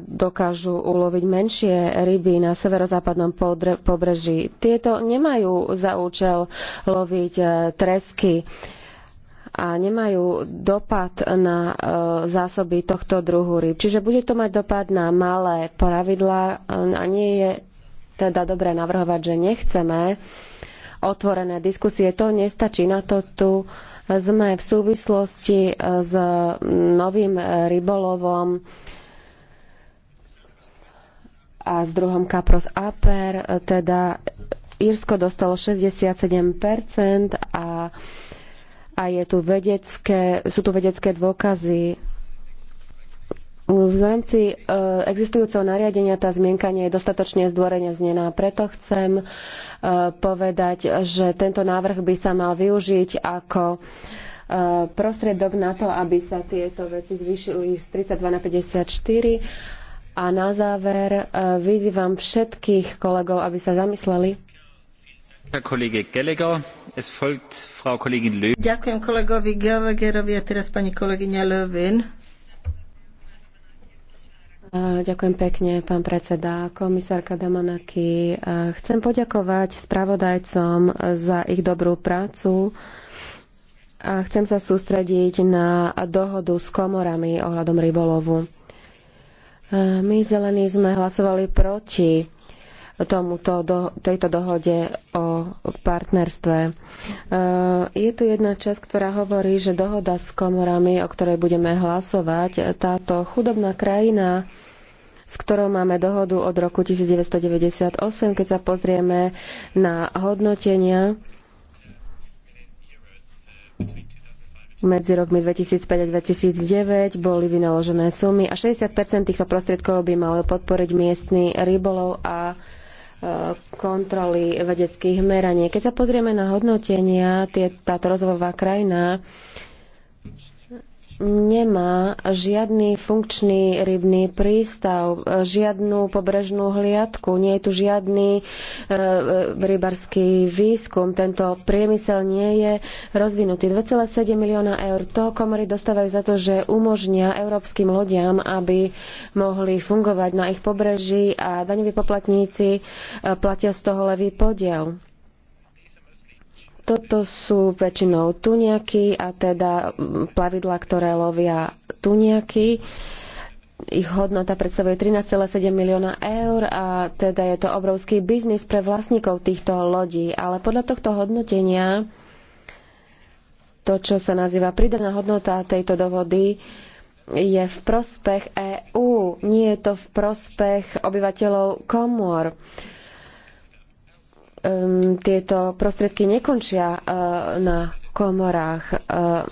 dokážu uloviť menšie ryby na severozápadnom pobreží. Tieto nemajú za účel loviť e, tresky a nemajú dopad na e, zásoby tohto druhu ryb. Čiže bude to mať dopad na malé pravidlá e, a nie je teda dobré navrhovať, že nechceme otvorené diskusie. To nestačí. Na to tu sme v súvislosti s novým rybolovom a s druhom kapros Aper, e, teda Írsko dostalo 67% a, a je tu vedecké, sú tu vedecké dôkazy. V rámci e, existujúceho nariadenia tá zmienka nie je dostatočne zdôrene znená. Preto chcem e, povedať, že tento návrh by sa mal využiť ako prostriedok na to, aby sa tieto veci zvýšili z 32 na 54 a na záver e, vyzývam všetkých kolegov, aby sa zamysleli. Ďakujem kolegovi Gelegerovi a teraz pani kolegyňa Lövin. E, ďakujem pekne, pán predseda, komisárka Damanaki. E, chcem poďakovať spravodajcom za ich dobrú prácu a chcem sa sústrediť na dohodu s komorami ohľadom rybolovu. My zelení sme hlasovali proti tomuto, do, tejto dohode o partnerstve. E, je tu jedna časť, ktorá hovorí, že dohoda s komorami, o ktorej budeme hlasovať, táto chudobná krajina s ktorou máme dohodu od roku 1998, keď sa pozrieme na hodnotenia medzi rokmi 2005 a 2009 boli vynaložené sumy a 60 týchto prostriedkov by mal podporiť miestny rybolov a e, kontroly vedeckých meraní. Keď sa pozrieme na hodnotenia, tie, táto rozvojová krajina nemá žiadny funkčný rybný prístav, žiadnu pobrežnú hliadku, nie je tu žiadny e, e rybarský výskum. Tento priemysel nie je rozvinutý. 2,7 milióna eur to komory dostávajú za to, že umožnia európskym lodiam, aby mohli fungovať na ich pobreží a daňoví poplatníci e, platia z toho levý podiel. Toto sú väčšinou tuniaky a teda mm, plavidla, ktoré lovia tuniaky. Ich hodnota predstavuje 13,7 milióna eur a teda je to obrovský biznis pre vlastníkov týchto lodí. Ale podľa tohto hodnotenia to, čo sa nazýva pridaná hodnota tejto dohody, je v prospech EÚ, nie je to v prospech obyvateľov komor. Uh, um, tieto prostriedky nekončia uh, na komorách. Uh,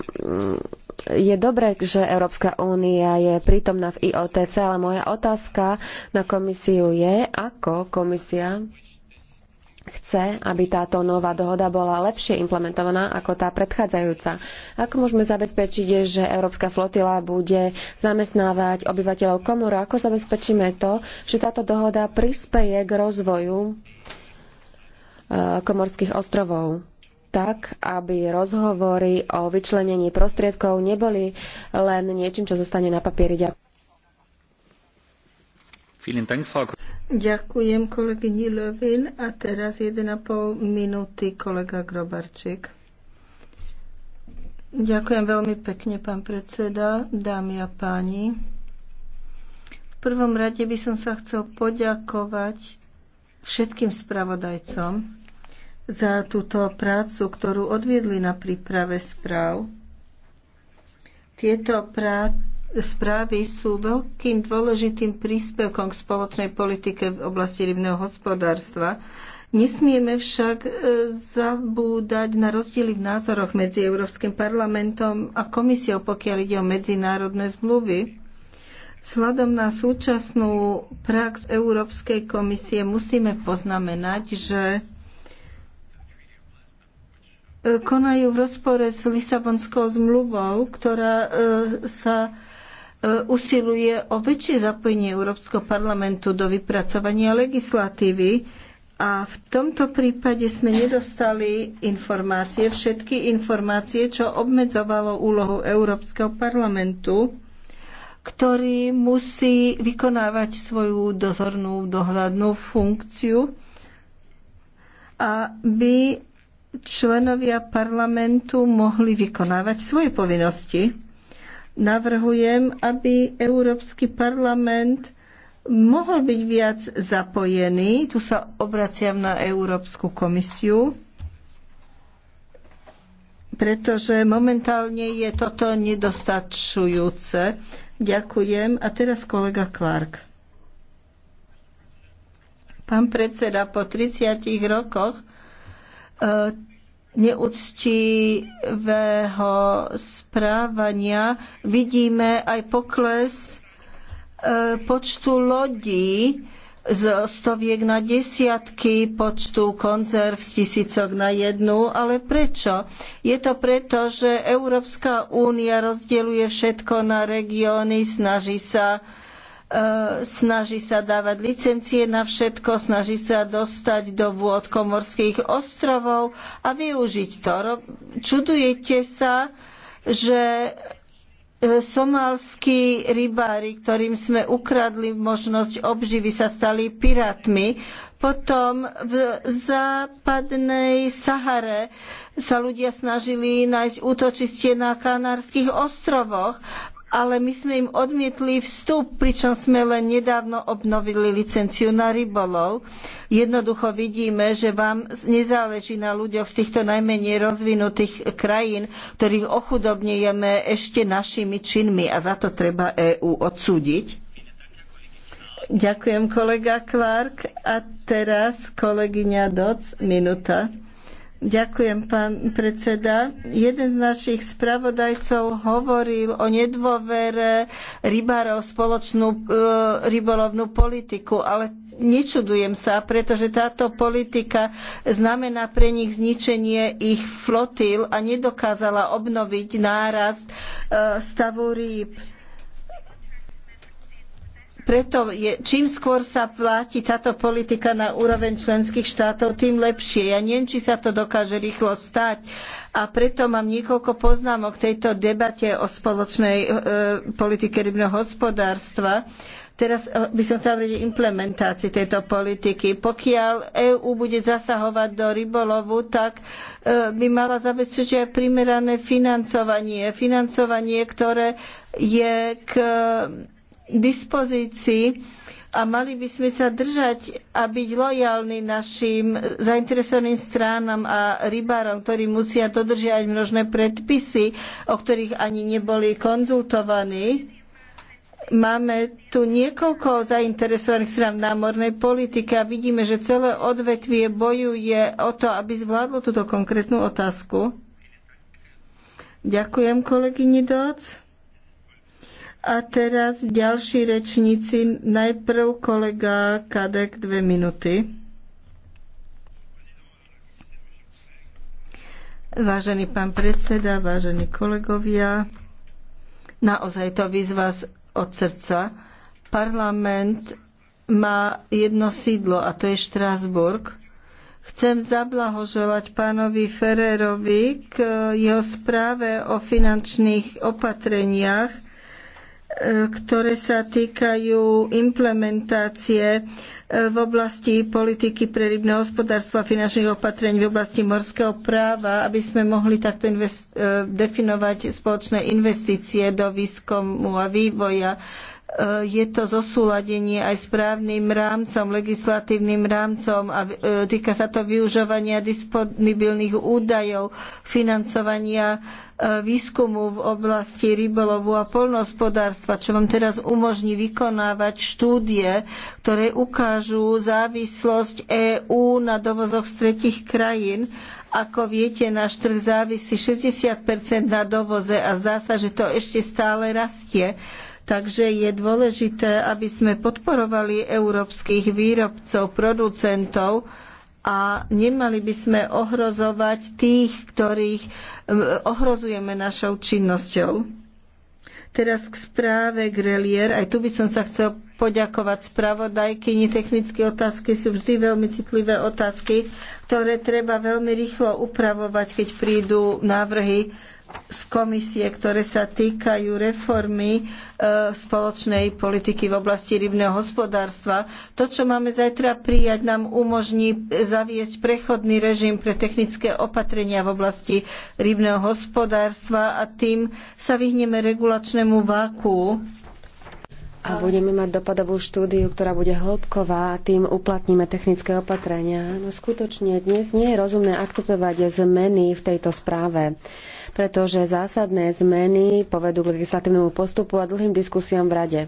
je dobré, že Európska únia je prítomná v IOTC, ale moja otázka na komisiu je, ako komisia chce, aby táto nová dohoda bola lepšie implementovaná ako tá predchádzajúca. Ako môžeme zabezpečiť, že Európska flotila bude zamestnávať obyvateľov komoru? Ako zabezpečíme to, že táto dohoda prispeje k rozvoju Komorských ostrovov tak, aby rozhovory o vyčlenení prostriedkov neboli len niečím, čo zostane na papieri. Ďakujem. Ďakujem kolegyni Levin a teraz 1,5 minúty kolega Grobarčík. Ďakujem veľmi pekne, pán predseda, dámy a páni. V prvom rade by som sa chcel poďakovať všetkým spravodajcom, za túto prácu, ktorú odviedli na príprave správ. Tieto prá- správy sú veľkým dôležitým príspevkom k spoločnej politike v oblasti rybného hospodárstva. Nesmieme však e, zabúdať na rozdiely v názoroch medzi Európskym parlamentom a komisiou, pokiaľ ide o medzinárodné zmluvy. Vzhľadom na súčasnú prax Európskej komisie musíme poznamenať, že E, konajú v rozpore s Lisabonskou zmluvou, ktorá e, sa e, usiluje o väčšie zapojenie Európskeho parlamentu do vypracovania legislatívy a v tomto prípade sme nedostali informácie, všetky informácie, čo obmedzovalo úlohu Európskeho parlamentu, ktorý musí vykonávať svoju dozornú dohľadnú funkciu, aby členovia parlamentu mohli vykonávať svoje povinnosti. Navrhujem, aby Európsky parlament mohol byť viac zapojený. Tu sa obraciam na Európsku komisiu, pretože momentálne je toto nedostačujúce. Ďakujem. A teraz kolega Clark. Pán predseda, po 30 rokoch E, neúctivého správania vidíme aj pokles e, počtu lodí z stoviek na desiatky, počtu konzerv z tisícok na jednu. Ale prečo? Je to preto, že Európska únia rozdeľuje všetko na regióny, snaží sa uh, E, snaží sa dávať licencie na všetko, snaží sa dostať do vôd komorských ostrovov a využiť to. Čudujete sa, že e, somálski rybári, ktorým sme ukradli možnosť obživy, sa stali pirátmi. Potom v západnej Sahare sa ľudia snažili nájsť útočistie na Kanárskych ostrovoch ale my sme im odmietli vstup, pričom sme len nedávno obnovili licenciu na rybolov. Jednoducho vidíme, že vám nezáleží na ľuďoch z týchto najmenej rozvinutých krajín, ktorých ochudobňujeme ešte našimi činmi a za to treba EÚ odsúdiť. Ďakujem kolega Clark a teraz kolegyňa Doc, minúta. Ďakujem, pán predseda. Jeden z našich spravodajcov hovoril o nedôvere rybárov spoločnú e, rybolovnú politiku, ale nečudujem sa, pretože táto politika znamená pre nich zničenie ich flotil a nedokázala obnoviť nárast e, stavu rýb preto je, čím skôr sa platí táto politika na úroveň členských štátov, tým lepšie. Ja neviem, či sa to dokáže rýchlo stať. A preto mám niekoľko poznámok k tejto debate o spoločnej e, politike rybného hospodárstva. Teraz e, by som chcela hovoriť o implementácii tejto politiky. Pokiaľ EÚ bude zasahovať do rybolovu, tak e, by mala zabezpečiť aj primerané financovanie. Financovanie, ktoré je k dispozícii a mali by sme sa držať a byť lojálni našim zainteresovaným stránam a rybárom, ktorí musia dodržiavať množné predpisy, o ktorých ani neboli konzultovaní. Máme tu niekoľko zainteresovaných strán v námornej politike a vidíme, že celé odvetvie bojuje o to, aby zvládlo túto konkrétnu otázku. Ďakujem kolegyni Doc. A teraz ďalší rečníci, najprv kolega Kadek, dve minúty. Vážený pán predseda, vážení kolegovia, naozaj to výzva od srdca. Parlament má jedno sídlo a to je Štrásburg. Chcem zablahoželať pánovi Ferrerovi k jeho správe o finančných opatreniach E, ktoré sa týkajú implementácie e, v oblasti politiky pre rybné hospodárstvo a finančných opatrení v oblasti morského práva, aby sme mohli takto e, definovať spoločné investície do výskumu a vývoja E, je to zosúladenie aj s právnym rámcom, legislatívnym rámcom a e, týka sa to využovania disponibilných údajov, financovania e, výskumu v oblasti rybolovu a poľnohospodárstva, čo vám teraz umožní vykonávať štúdie, ktoré ukážu závislosť EÚ na dovozoch z tretich krajín. Ako viete, náš trh závisí 60 na dovoze a zdá sa, že to ešte stále rastie. Takže je dôležité, aby sme podporovali európskych výrobcov, producentov a nemali by sme ohrozovať tých, ktorých e, ohrozujeme našou činnosťou. Teraz k správe Grelier. Aj tu by som sa chcel poďakovať spravodajkyni. Technické otázky sú vždy veľmi citlivé otázky, ktoré treba veľmi rýchlo upravovať, keď prídu návrhy z komisie, ktoré sa týkajú reformy e, spoločnej politiky v oblasti rybného hospodárstva. To, čo máme zajtra prijať, nám umožní zaviesť prechodný režim pre technické opatrenia v oblasti rybného hospodárstva a tým sa vyhneme regulačnému vákuu a budeme mať dopadovú štúdiu, ktorá bude hĺbková, tým uplatníme technické opatrenia. No skutočne dnes nie je rozumné akceptovať zmeny v tejto správe, pretože zásadné zmeny povedú k legislatívnemu postupu a dlhým diskusiám v Rade.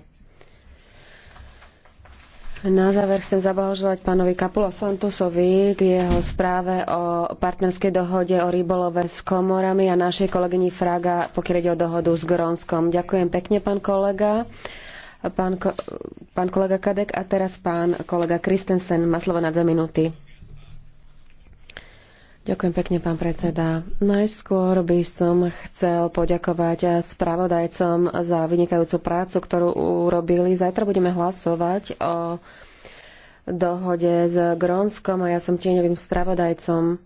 Na záver chcem zabahožovať pánovi Kapulo Santosovi k jeho správe o partnerskej dohode o rybolove s komorami a našej kolegyni Fraga, pokiaľ ide o dohodu s Grónskom. Ďakujem pekne, pán kolega pán, pán kolega Kadek a teraz pán kolega Kristensen má slovo na dve minúty. Ďakujem pekne, pán predseda. Najskôr by som chcel poďakovať spravodajcom za vynikajúcu prácu, ktorú urobili. Zajtra budeme hlasovať o dohode s Grónskom a ja som tieňovým spravodajcom.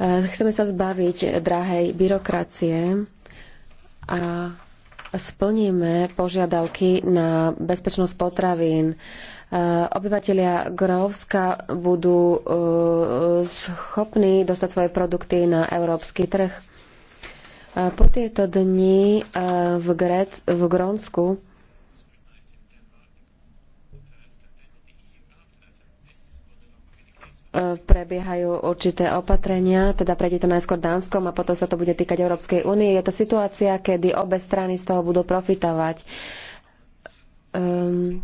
Chceme sa zbaviť drahej byrokracie a splníme požiadavky na bezpečnosť potravín. E, obyvatelia Grovska budú e, schopní dostať svoje produkty na európsky trh. E, po tieto dni v, Grec, v Grónsku E, prebiehajú určité opatrenia, teda prejde to najskôr Dánskom a potom sa to bude týkať Európskej únie. Je to situácia, kedy obe strany z toho budú profitovať. Um,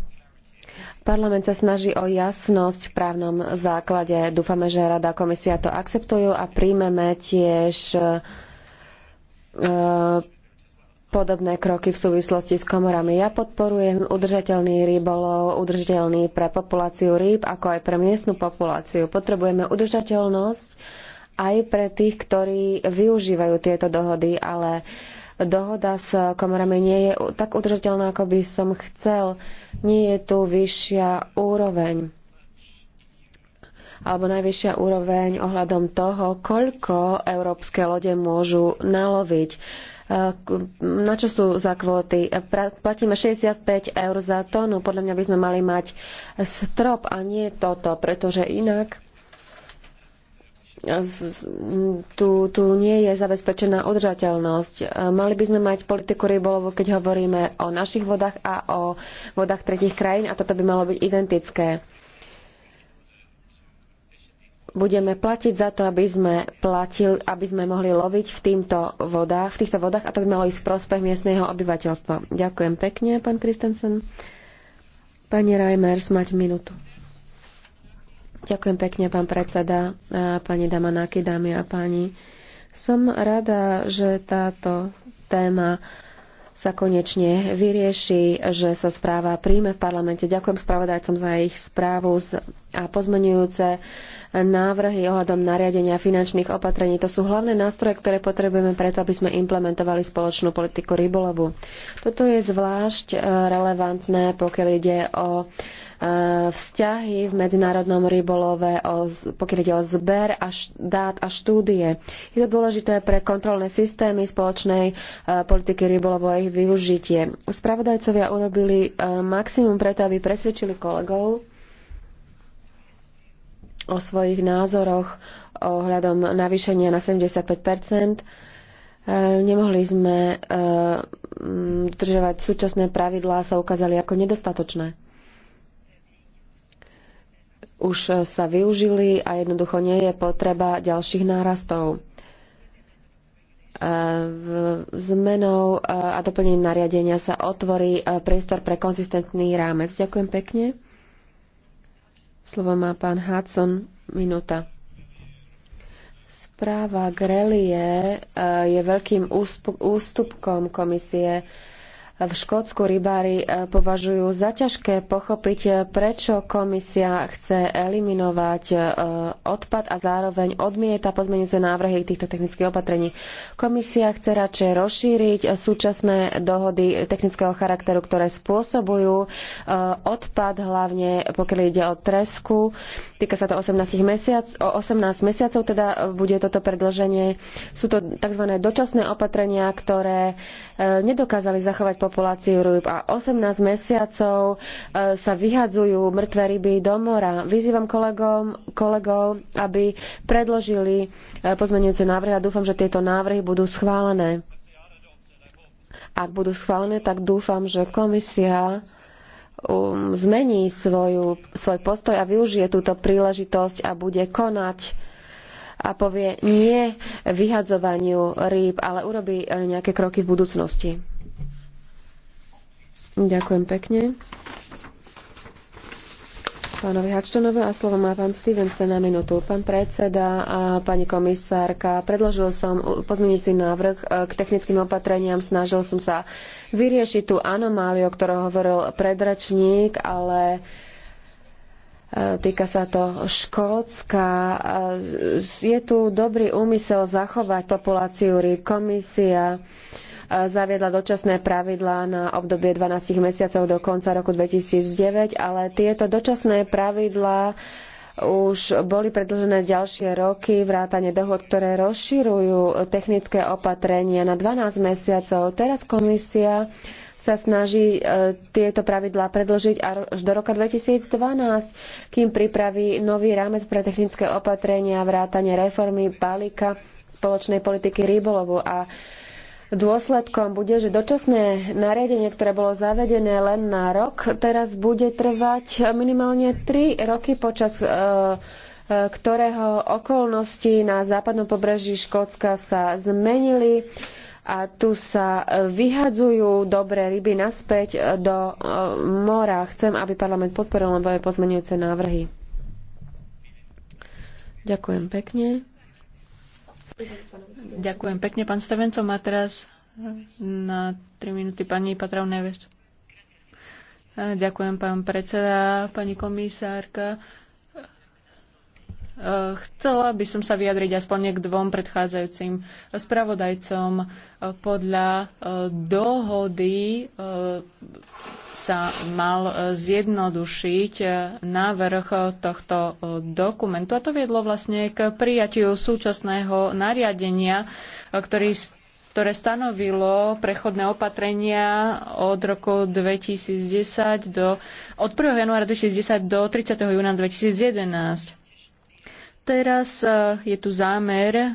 parlament sa snaží o jasnosť v právnom základe. Dúfame, že Rada a komisia to akceptujú a príjmeme tiež uh, podobné kroky v súvislosti s komorami. Ja podporujem udržateľný rybolov, udržateľný pre populáciu rýb, ako aj pre miestnu populáciu. Potrebujeme udržateľnosť aj pre tých, ktorí využívajú tieto dohody, ale dohoda s komorami nie je tak udržateľná, ako by som chcel. Nie je tu vyššia úroveň alebo najvyššia úroveň ohľadom toho, koľko európske lode môžu naloviť na čo sú za kvóty? Platíme 65 eur za tónu, podľa mňa by sme mali mať strop a nie toto, pretože inak tu, tu nie je zabezpečená udržateľnosť. Mali by sme mať politiku rybolovu, keď hovoríme o našich vodách a o vodách tretich krajín a toto by malo byť identické budeme platiť za to, aby sme, platil, aby sme mohli loviť v, týmto vodách, v týchto vodách a to by malo ísť v prospech miestneho obyvateľstva. Ďakujem pekne, pán Kristensen. Pani Reimers, mať minútu. Ďakujem pekne, pán predseda, pani Damanáky, dámy a páni. Som rada, že táto téma sa konečne vyrieši, že sa správa príjme v parlamente. Ďakujem spravodajcom za ich správu a pozmenujúce návrhy ohľadom nariadenia finančných opatrení. To sú hlavné nástroje, ktoré potrebujeme preto, aby sme implementovali spoločnú politiku rybolovu. Toto je zvlášť e, relevantné, pokiaľ ide o e, vzťahy v medzinárodnom rybolove, pokiaľ ide o zber a dát a štúdie. Je to dôležité pre kontrolné systémy spoločnej e, politiky rybolovo a ich využitie. Spravodajcovia urobili maximum preto, aby presvedčili kolegov, o svojich názoroch ohľadom navýšenia na 75 e, Nemohli sme e, dodržovať súčasné pravidlá sa ukázali ako nedostatočné. Už sa využili a jednoducho nie je potreba ďalších nárastov e, zmenou a doplnením nariadenia sa otvorí priestor pre konzistentný rámec. Ďakujem pekne. Slovo má pán Hudson. Minúta. Správa Grelie eh, je veľkým ústupkom komisie v Škótsku rybári e, považujú za ťažké pochopiť, e, prečo komisia chce eliminovať e, odpad a zároveň odmieta pozmeňujúce návrhy týchto technických opatrení. Komisia chce radšej rozšíriť súčasné dohody technického charakteru, ktoré spôsobujú odpad, hlavne pokiaľ ide o tresku. Týka sa to 18 mesiac, o 18 mesiacov, teda bude toto predlženie. Sú to tzv. dočasné opatrenia, ktoré Eh, nedokázali zachovať populáciu rýb a 18 mesiacov eh, sa vyhadzujú mŕtve ryby do mora. Vyzývam kolegom, kolegov, aby predložili eh, pozmenujúce návrhy a dúfam, že tieto návrhy budú schválené. Ak budú schválené, tak dúfam, že komisia um, zmení svoju, svoj postoj a využije túto príležitosť a bude konať a povie nie vyhadzovaniu rýb, ale urobí e, nejaké kroky v budúcnosti. Ďakujem pekne. Pánovi Hačtonovi a slovo má pán Stevenson na minútu. Pán predseda a pani komisárka, predložil som pozmeňujúci návrh e, k technickým opatreniam. Snažil som sa vyriešiť tú anomáliu, o ktorej hovoril predračník, ale uh, E, týka sa to Škótska. E, je tu dobrý úmysel zachovať populáciu rýb. Komisia e, zaviedla dočasné pravidlá na obdobie 12 mesiacov do konca roku 2009, ale tieto dočasné pravidlá už boli predlžené ďalšie roky, vrátane dohod, ktoré rozširujú technické opatrenia na 12 mesiacov. Teraz komisia sa snaží e, tieto pravidlá predlžiť až do roka 2012, kým pripraví nový rámec pre technické opatrenia, vrátanie reformy balíka spoločnej politiky rybolovu a Dôsledkom bude, že dočasné nariadenie, ktoré bolo zavedené len na rok, teraz bude trvať minimálne 3 roky, počas e, e, ktorého okolnosti na západnom pobreží Škótska sa zmenili a tu sa e, vyhadzujú dobré ryby naspäť e, do e, mora. Chcem, aby parlament podporil moje pozmenujúce návrhy. Ďakujem pekne. Ďakujem pekne, pán Stevenco. Má teraz na 3 minúty pani Patrav Neves. Ďakujem, pán predseda, pani komisárka. Eh, chcela by som sa vyjadriť aspoň k dvom predchádzajúcim spravodajcom. Eh, podľa eh, dohody sa mal zjednodušiť návrh tohto dokumentu a to viedlo vlastne k prijatiu súčasného nariadenia, ktorý ktoré stanovilo prechodné opatrenia od roku 2010 do, od 1. januára 2010 do 30. júna 2011 Teraz e, je tu zámer e,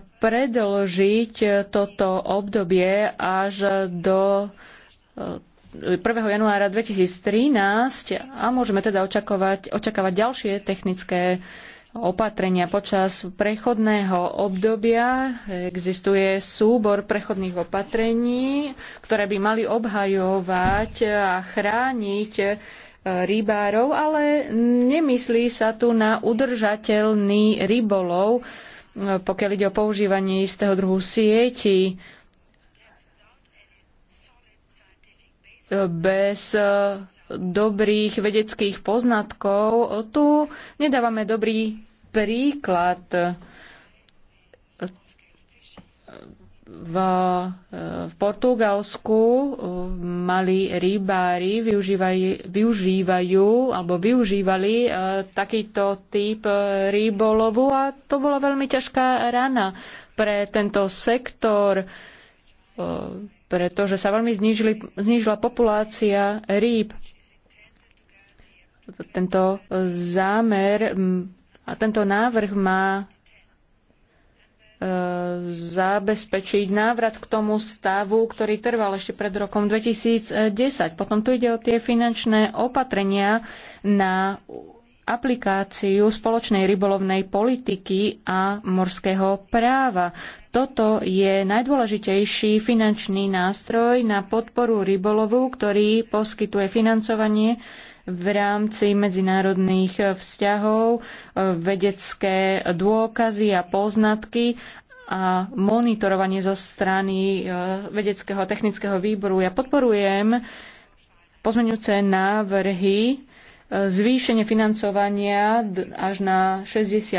predložiť e, toto obdobie až do 1. januára 2013 a môžeme teda očakovať, očakávať ďalšie technické opatrenia. Počas prechodného obdobia existuje súbor prechodných opatrení, ktoré by mali obhajovať a chrániť rybárov, ale nemyslí sa tu na udržateľný rybolov, pokiaľ ide o používanie istého druhu sieti bez e, dobrých vedeckých poznatkov. Tu nedávame dobrý príklad v, v Portugalsku eh, mali rybári využívajú, využívajú alebo využívali eh, takýto typ eh, rýbolovu a to bola veľmi ťažká rana pre tento sektor, pretože sa veľmi znižili, znížila populácia rýb. Tento zámer hm, a tento návrh má zabezpečiť návrat k tomu stavu, ktorý trval ešte pred rokom 2010. Potom tu ide o tie finančné opatrenia na aplikáciu spoločnej rybolovnej politiky a morského práva. Toto je najdôležitejší finančný nástroj na podporu rybolovu, ktorý poskytuje financovanie v rámci medzinárodných eh, vzťahov, eh, vedecké dôkazy a poznatky a monitorovanie zo strany eh, vedeckého a technického výboru. Ja podporujem pozmeňujúce návrhy zvýšenie financovania až na 60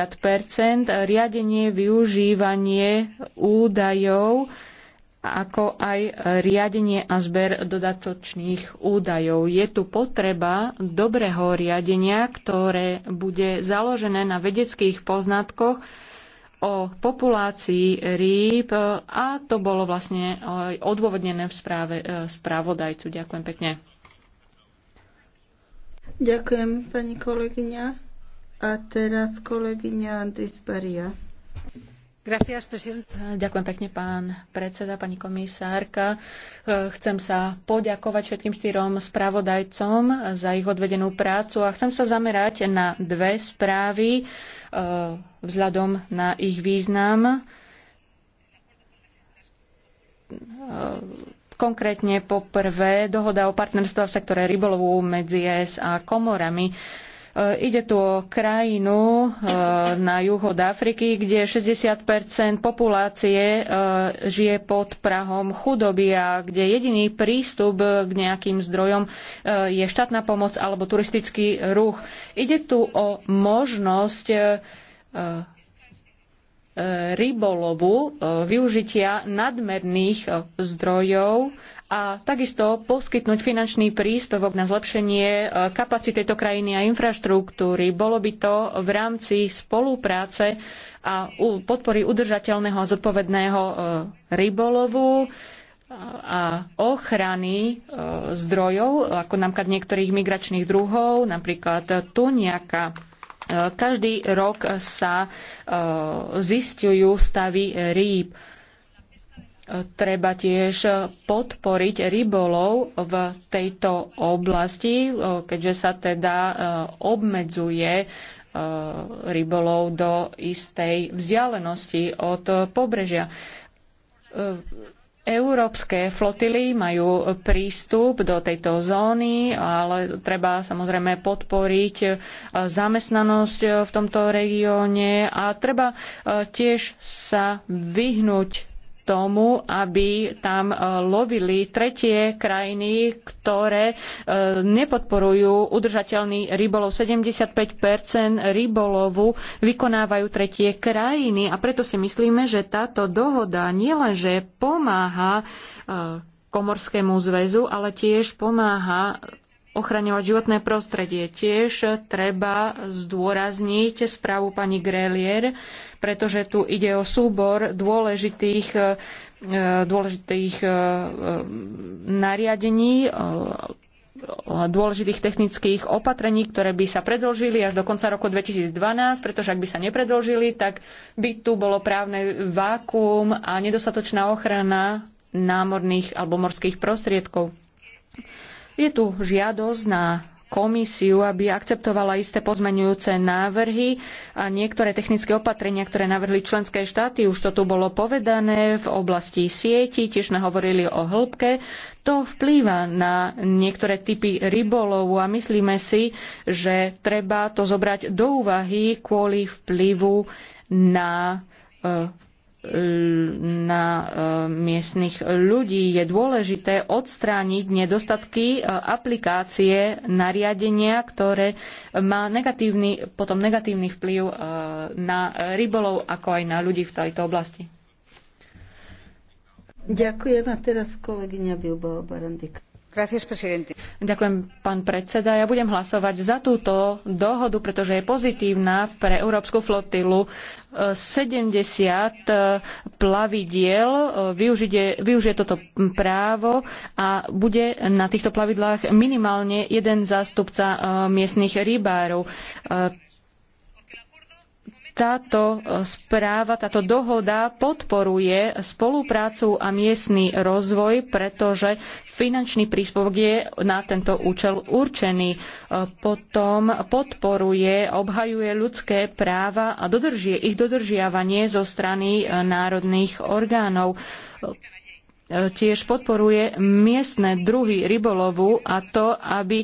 riadenie, využívanie údajov ako aj riadenie a zber dodatočných údajov. Je tu potreba dobrého riadenia, ktoré bude založené na vedeckých poznatkoch o populácii rýb a to bolo vlastne odôvodnené v správe e, správodajcu. Ďakujem pekne. Ďakujem, pani kolegyňa. A teraz kolegyňa Antisparia. Ďakujem pekne, pán predseda, pani komisárka. Chcem sa poďakovať všetkým štyrom spravodajcom za ich odvedenú prácu a chcem sa zamerať na dve správy e, vzhľadom na ich význam. E, konkrétne poprvé dohoda o partnerstve v sektore rybolovu medzi ES a komorami. E, ide tu o krajinu e, na juh od Afriky, kde 60 populácie e, žije pod prahom chudoby a kde jediný prístup k nejakým zdrojom je štátna pomoc alebo turistický ruch. Ide tu o možnosť rybolovu, využitia nadmerných zdrojov a takisto poskytnúť finančný príspevok na zlepšenie e, kapacity tejto krajiny a infraštruktúry. Bolo by to v rámci spolupráce a podpory udržateľného a zodpovedného e, rybolovu a ochrany e, zdrojov, ako napríklad niektorých migračných druhov, napríklad tuniaka. Každý rok sa zistujú stavy rýb treba tiež podporiť rybolov v tejto oblasti, keďže sa teda e, obmedzuje e, rybolov do istej vzdialenosti od pobrežia. E, európske flotily majú prístup do tejto zóny, ale treba samozrejme podporiť zamestnanosť v tomto regióne a treba tiež sa vyhnúť tomu, aby tam e, lovili tretie krajiny, ktoré e, nepodporujú udržateľný rybolov. 75 rybolovu vykonávajú tretie krajiny a preto si myslíme, že táto dohoda nielenže pomáha e, Komorskému zväzu, ale tiež pomáha ochraňovať životné prostredie. Tiež treba zdôrazniť správu pani Grelier, pretože tu ide o súbor dôležitých, e, dôležitých e, nariadení e, dôležitých technických opatrení, ktoré by sa predlžili až do konca roku 2012, pretože ak by sa nepredlžili, tak by tu bolo právne vákuum a nedostatočná ochrana námorných alebo morských prostriedkov. Je tu žiadosť na komisiu, aby akceptovala isté pozmenujúce návrhy a niektoré technické opatrenia, ktoré navrhli členské štáty, už to tu bolo povedané v oblasti sieti, tiež sme hovorili o hĺbke. To vplýva na niektoré typy rybolovu a myslíme si, že treba to zobrať do úvahy kvôli vplyvu na e, na e, miestnych ľudí. Je dôležité odstrániť nedostatky e, aplikácie nariadenia, ktoré má negatívny, potom negatívny vplyv e, na rybolov, ako aj na ľudí v tejto oblasti. Ďakujem a teraz kolegyňa Bilbao Barandika. Ďakujem, pán predseda. Ja budem hlasovať za túto dohodu, pretože je pozitívna pre Európsku flotilu. 70 eh, plavidiel eh, využije, využije toto právo a bude na týchto plavidlách minimálne jeden zástupca eh, miestnych rybárov táto e, správa, táto dohoda podporuje spoluprácu a miestny rozvoj, pretože finančný príspevok je na tento účel určený. E, potom podporuje, obhajuje ľudské práva a dodržie ich dodržiavanie zo strany e, národných orgánov tiež podporuje miestne druhy rybolovu a to, aby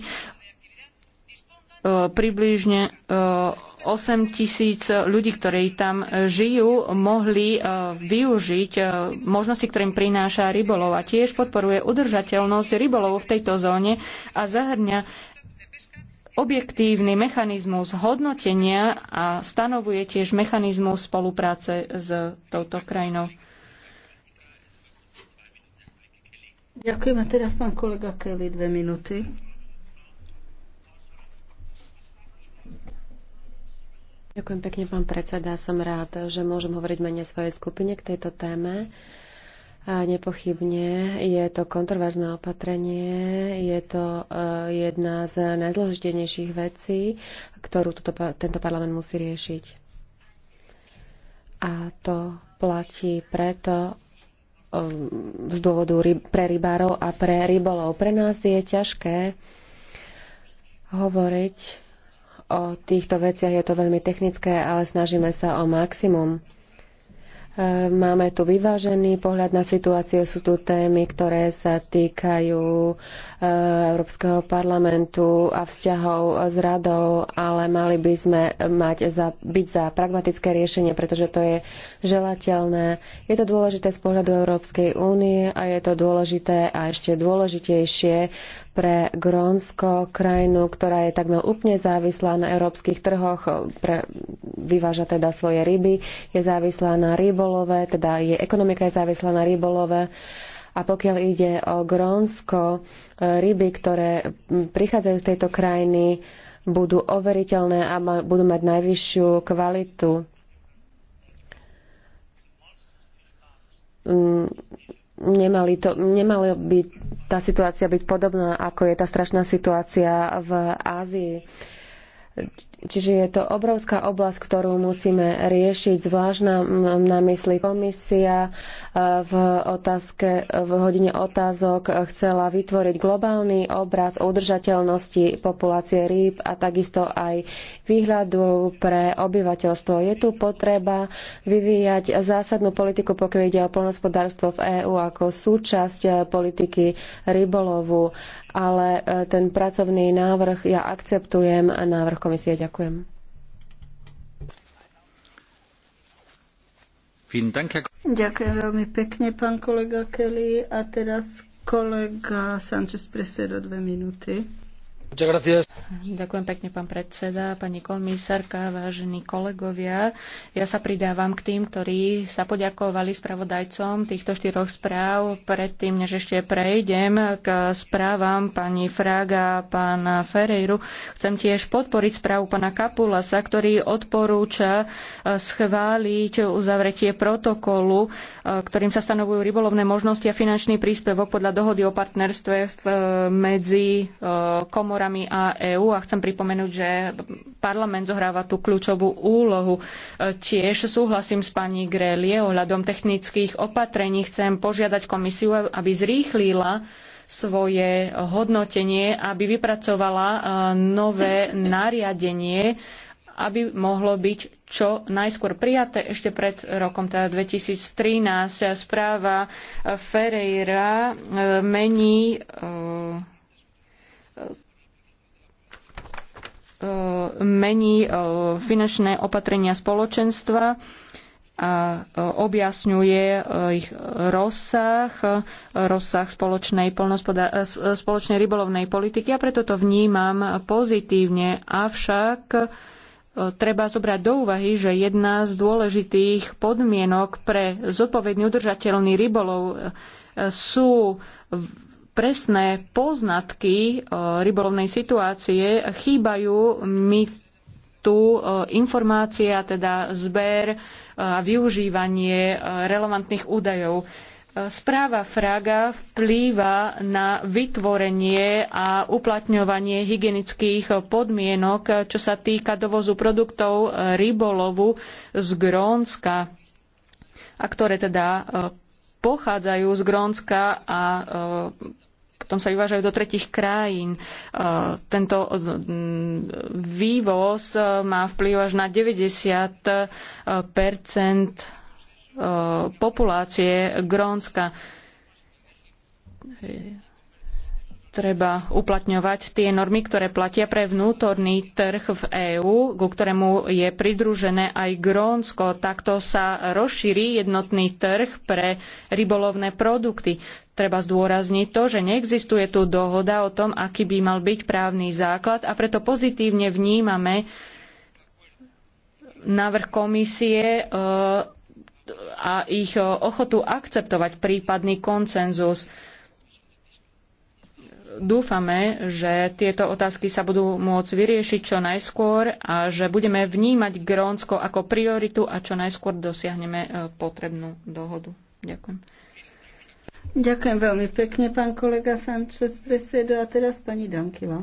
približne 8 tisíc ľudí, ktorí tam žijú, mohli e, využiť e, možnosti, ktorým prináša rybolov a tiež podporuje udržateľnosť rybolovu v tejto zóne a zahrňa objektívny mechanizmus hodnotenia a stanovuje tiež mechanizmus spolupráce s touto krajinou. Ďakujem a teraz pán kolega Kelly dve minúty. Ďakujem pekne, pán predseda. Som rád, že môžem hovoriť mene svojej skupine k tejto téme. A nepochybne je to kontroverzné opatrenie, je to e, jedna z najzložitejnejších vecí, ktorú tuto, tento parlament musí riešiť. A to platí preto, e, z dôvodu pre rybárov a pre rybolov. Pre nás je ťažké hovoriť o týchto veciach. Je to veľmi technické, ale snažíme sa o maximum. E, máme tu vyvážený pohľad na situáciu. Sú tu témy, ktoré sa týkajú e, Európskeho parlamentu a vzťahov s radou, ale mali by sme mať za, byť za pragmatické riešenie, pretože to je želateľné. Je to dôležité z pohľadu Európskej únie a je to dôležité a ešte dôležitejšie pre Grónsko, krajinu, ktorá je takmer úplne závislá na európskych trhoch, pre, vyváža teda svoje ryby, je závislá na rybolove, teda je ekonomika je závislá na rybolove. A pokiaľ ide o Grónsko, e, ryby, ktoré prichádzajú z tejto krajiny, budú overiteľné a budú mať najvyššiu kvalitu mm, nemali to, nemala by tá situácia byť podobná, ako je tá strašná situácia v Ázii. Čiže je to obrovská oblasť, ktorú musíme riešiť, zvlášť na, na mysli komisia e, v, otázke, v hodine otázok chcela vytvoriť globálny obraz o udržateľnosti populácie rýb a takisto aj výhľadu pre obyvateľstvo. Je tu potreba vyvíjať zásadnú politiku, pokiaľ ide o polnospodárstvo v EÚ ako súčasť e, politiky rybolovu, ale e, ten pracovný návrh ja akceptujem návrh komisie. Ďakujem. Ďakujem. Ďakujem veľmi pekne, pán kolega Kelly. A teraz kolega Sanchez Presedo, dve minúty. Ďakujem pekne, pán predseda, pani komisárka, vážení kolegovia. Ja sa pridávam k tým, ktorí sa poďakovali spravodajcom týchto štyroch správ. Predtým, než ešte prejdem k správam pani Fraga a pána Ferreiru, chcem tiež podporiť správu pána Kapulasa, ktorý odporúča e, schváliť uzavretie protokolu, e, ktorým sa stanovujú rybolovné možnosti a finančný príspevok podľa dohody o partnerstve e, medzi komorami eurami a EÚ a chcem pripomenúť, že parlament zohráva tú kľúčovú úlohu. E, tiež súhlasím s pani Grélie ohľadom technických opatrení. Chcem požiadať komisiu, aby zrýchlila svoje hodnotenie, aby vypracovala e, nové nariadenie, aby mohlo byť čo najskôr prijaté ešte pred rokom teda 2013. Správa Ferreira e, mení E, mení e, finančné opatrenia spoločenstva a e, objasňuje ich rozsah, rozsah spoločnej, spoločnej rybolovnej politiky a preto to vnímam pozitívne. Avšak treba zobrať do úvahy, že jedna z dôležitých podmienok pre zodpovedný udržateľný rybolov sú presné poznatky e, rybolovnej situácie. Chýbajú mi tu e, informácia, teda zber e, a využívanie relevantných údajov. Správa Fraga vplýva na vytvorenie a uplatňovanie hygienických podmienok, čo sa týka dovozu produktov rybolovu z Grónska, a ktoré teda pochádzajú z Grónska a e, potom sa vyvážajú do tretich krajín. E, tento e, vývoz má vplyv až na 90 populácie Grónska treba uplatňovať tie normy, ktoré platia pre vnútorný trh v EÚ, ku ktorému je pridružené aj Grónsko. Takto sa rozšíri jednotný trh pre rybolovné produkty. Treba zdôrazniť to, že neexistuje tu dohoda o tom, aký by mal byť právny základ a preto pozitívne vnímame návrh komisie e, a ich ochotu akceptovať prípadný koncenzus dúfame, že tieto otázky sa budú môcť vyriešiť čo najskôr a že budeme vnímať Grónsko ako prioritu a čo najskôr dosiahneme e, potrebnú dohodu. Ďakujem. Ďakujem veľmi pekne, pán kolega Sanchez presedo. A teraz pani Dankila.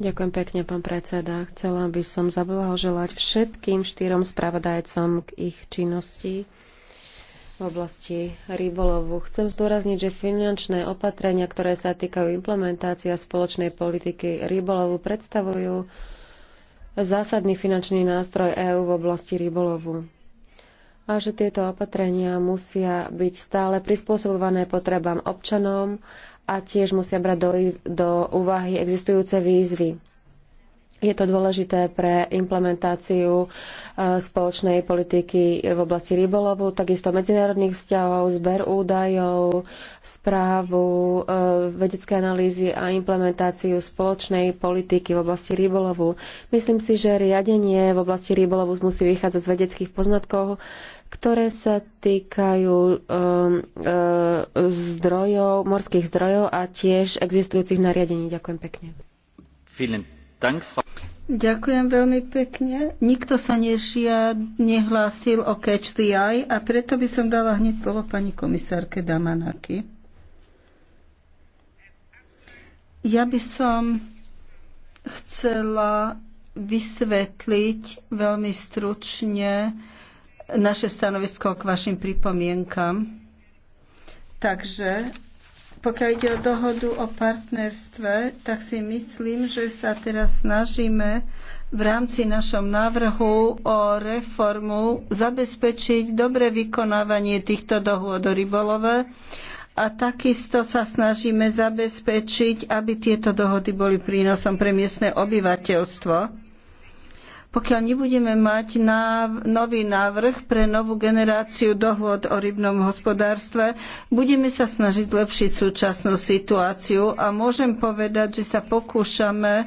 Ďakujem pekne, pán predseda. Chcela by som zablahoželať všetkým štyrom spravodajcom k ich činnosti v oblasti rybolovu. Chcem zdôrazniť, že finančné opatrenia, ktoré sa týkajú implementácia spoločnej politiky rybolovu, predstavujú zásadný finančný nástroj EÚ v oblasti rybolovu a že tieto opatrenia musia byť stále prispôsobované potrebám občanom a tiež musia brať do, do úvahy existujúce výzvy. Je to dôležité pre implementáciu e, spoločnej politiky v oblasti rybolovu, takisto medzinárodných vzťahov, zber údajov, správu, e, vedecké analýzy a implementáciu spoločnej politiky v oblasti rybolovu. Myslím si, že riadenie v oblasti rybolovu musí vychádzať z vedeckých poznatkov, ktoré sa týkajú um, e, zdrojov, morských zdrojov a tiež existujúcich nariadení. Ďakujem pekne. Vielen Dank, Frau Ďakujem veľmi pekne. Nikto sa nežia, nehlásil o Catch the Eye a preto by som dala hneď slovo pani komisárke Damanaki. Ja by som chcela vysvetliť veľmi stručne naše stanovisko k vašim pripomienkam. Takže pokiaľ ide o dohodu o partnerstve, tak si myslím, že sa teraz snažíme v rámci našom návrhu o reformu zabezpečiť dobre vykonávanie týchto dohôd o rybolove a takisto sa snažíme zabezpečiť, aby tieto dohody boli prínosom pre miestne obyvateľstvo pokiaľ nebudeme mať nový návrh pre novú generáciu dohôd o rybnom hospodárstve, budeme sa snažiť zlepšiť súčasnú situáciu a môžem povedať, že sa pokúšame e,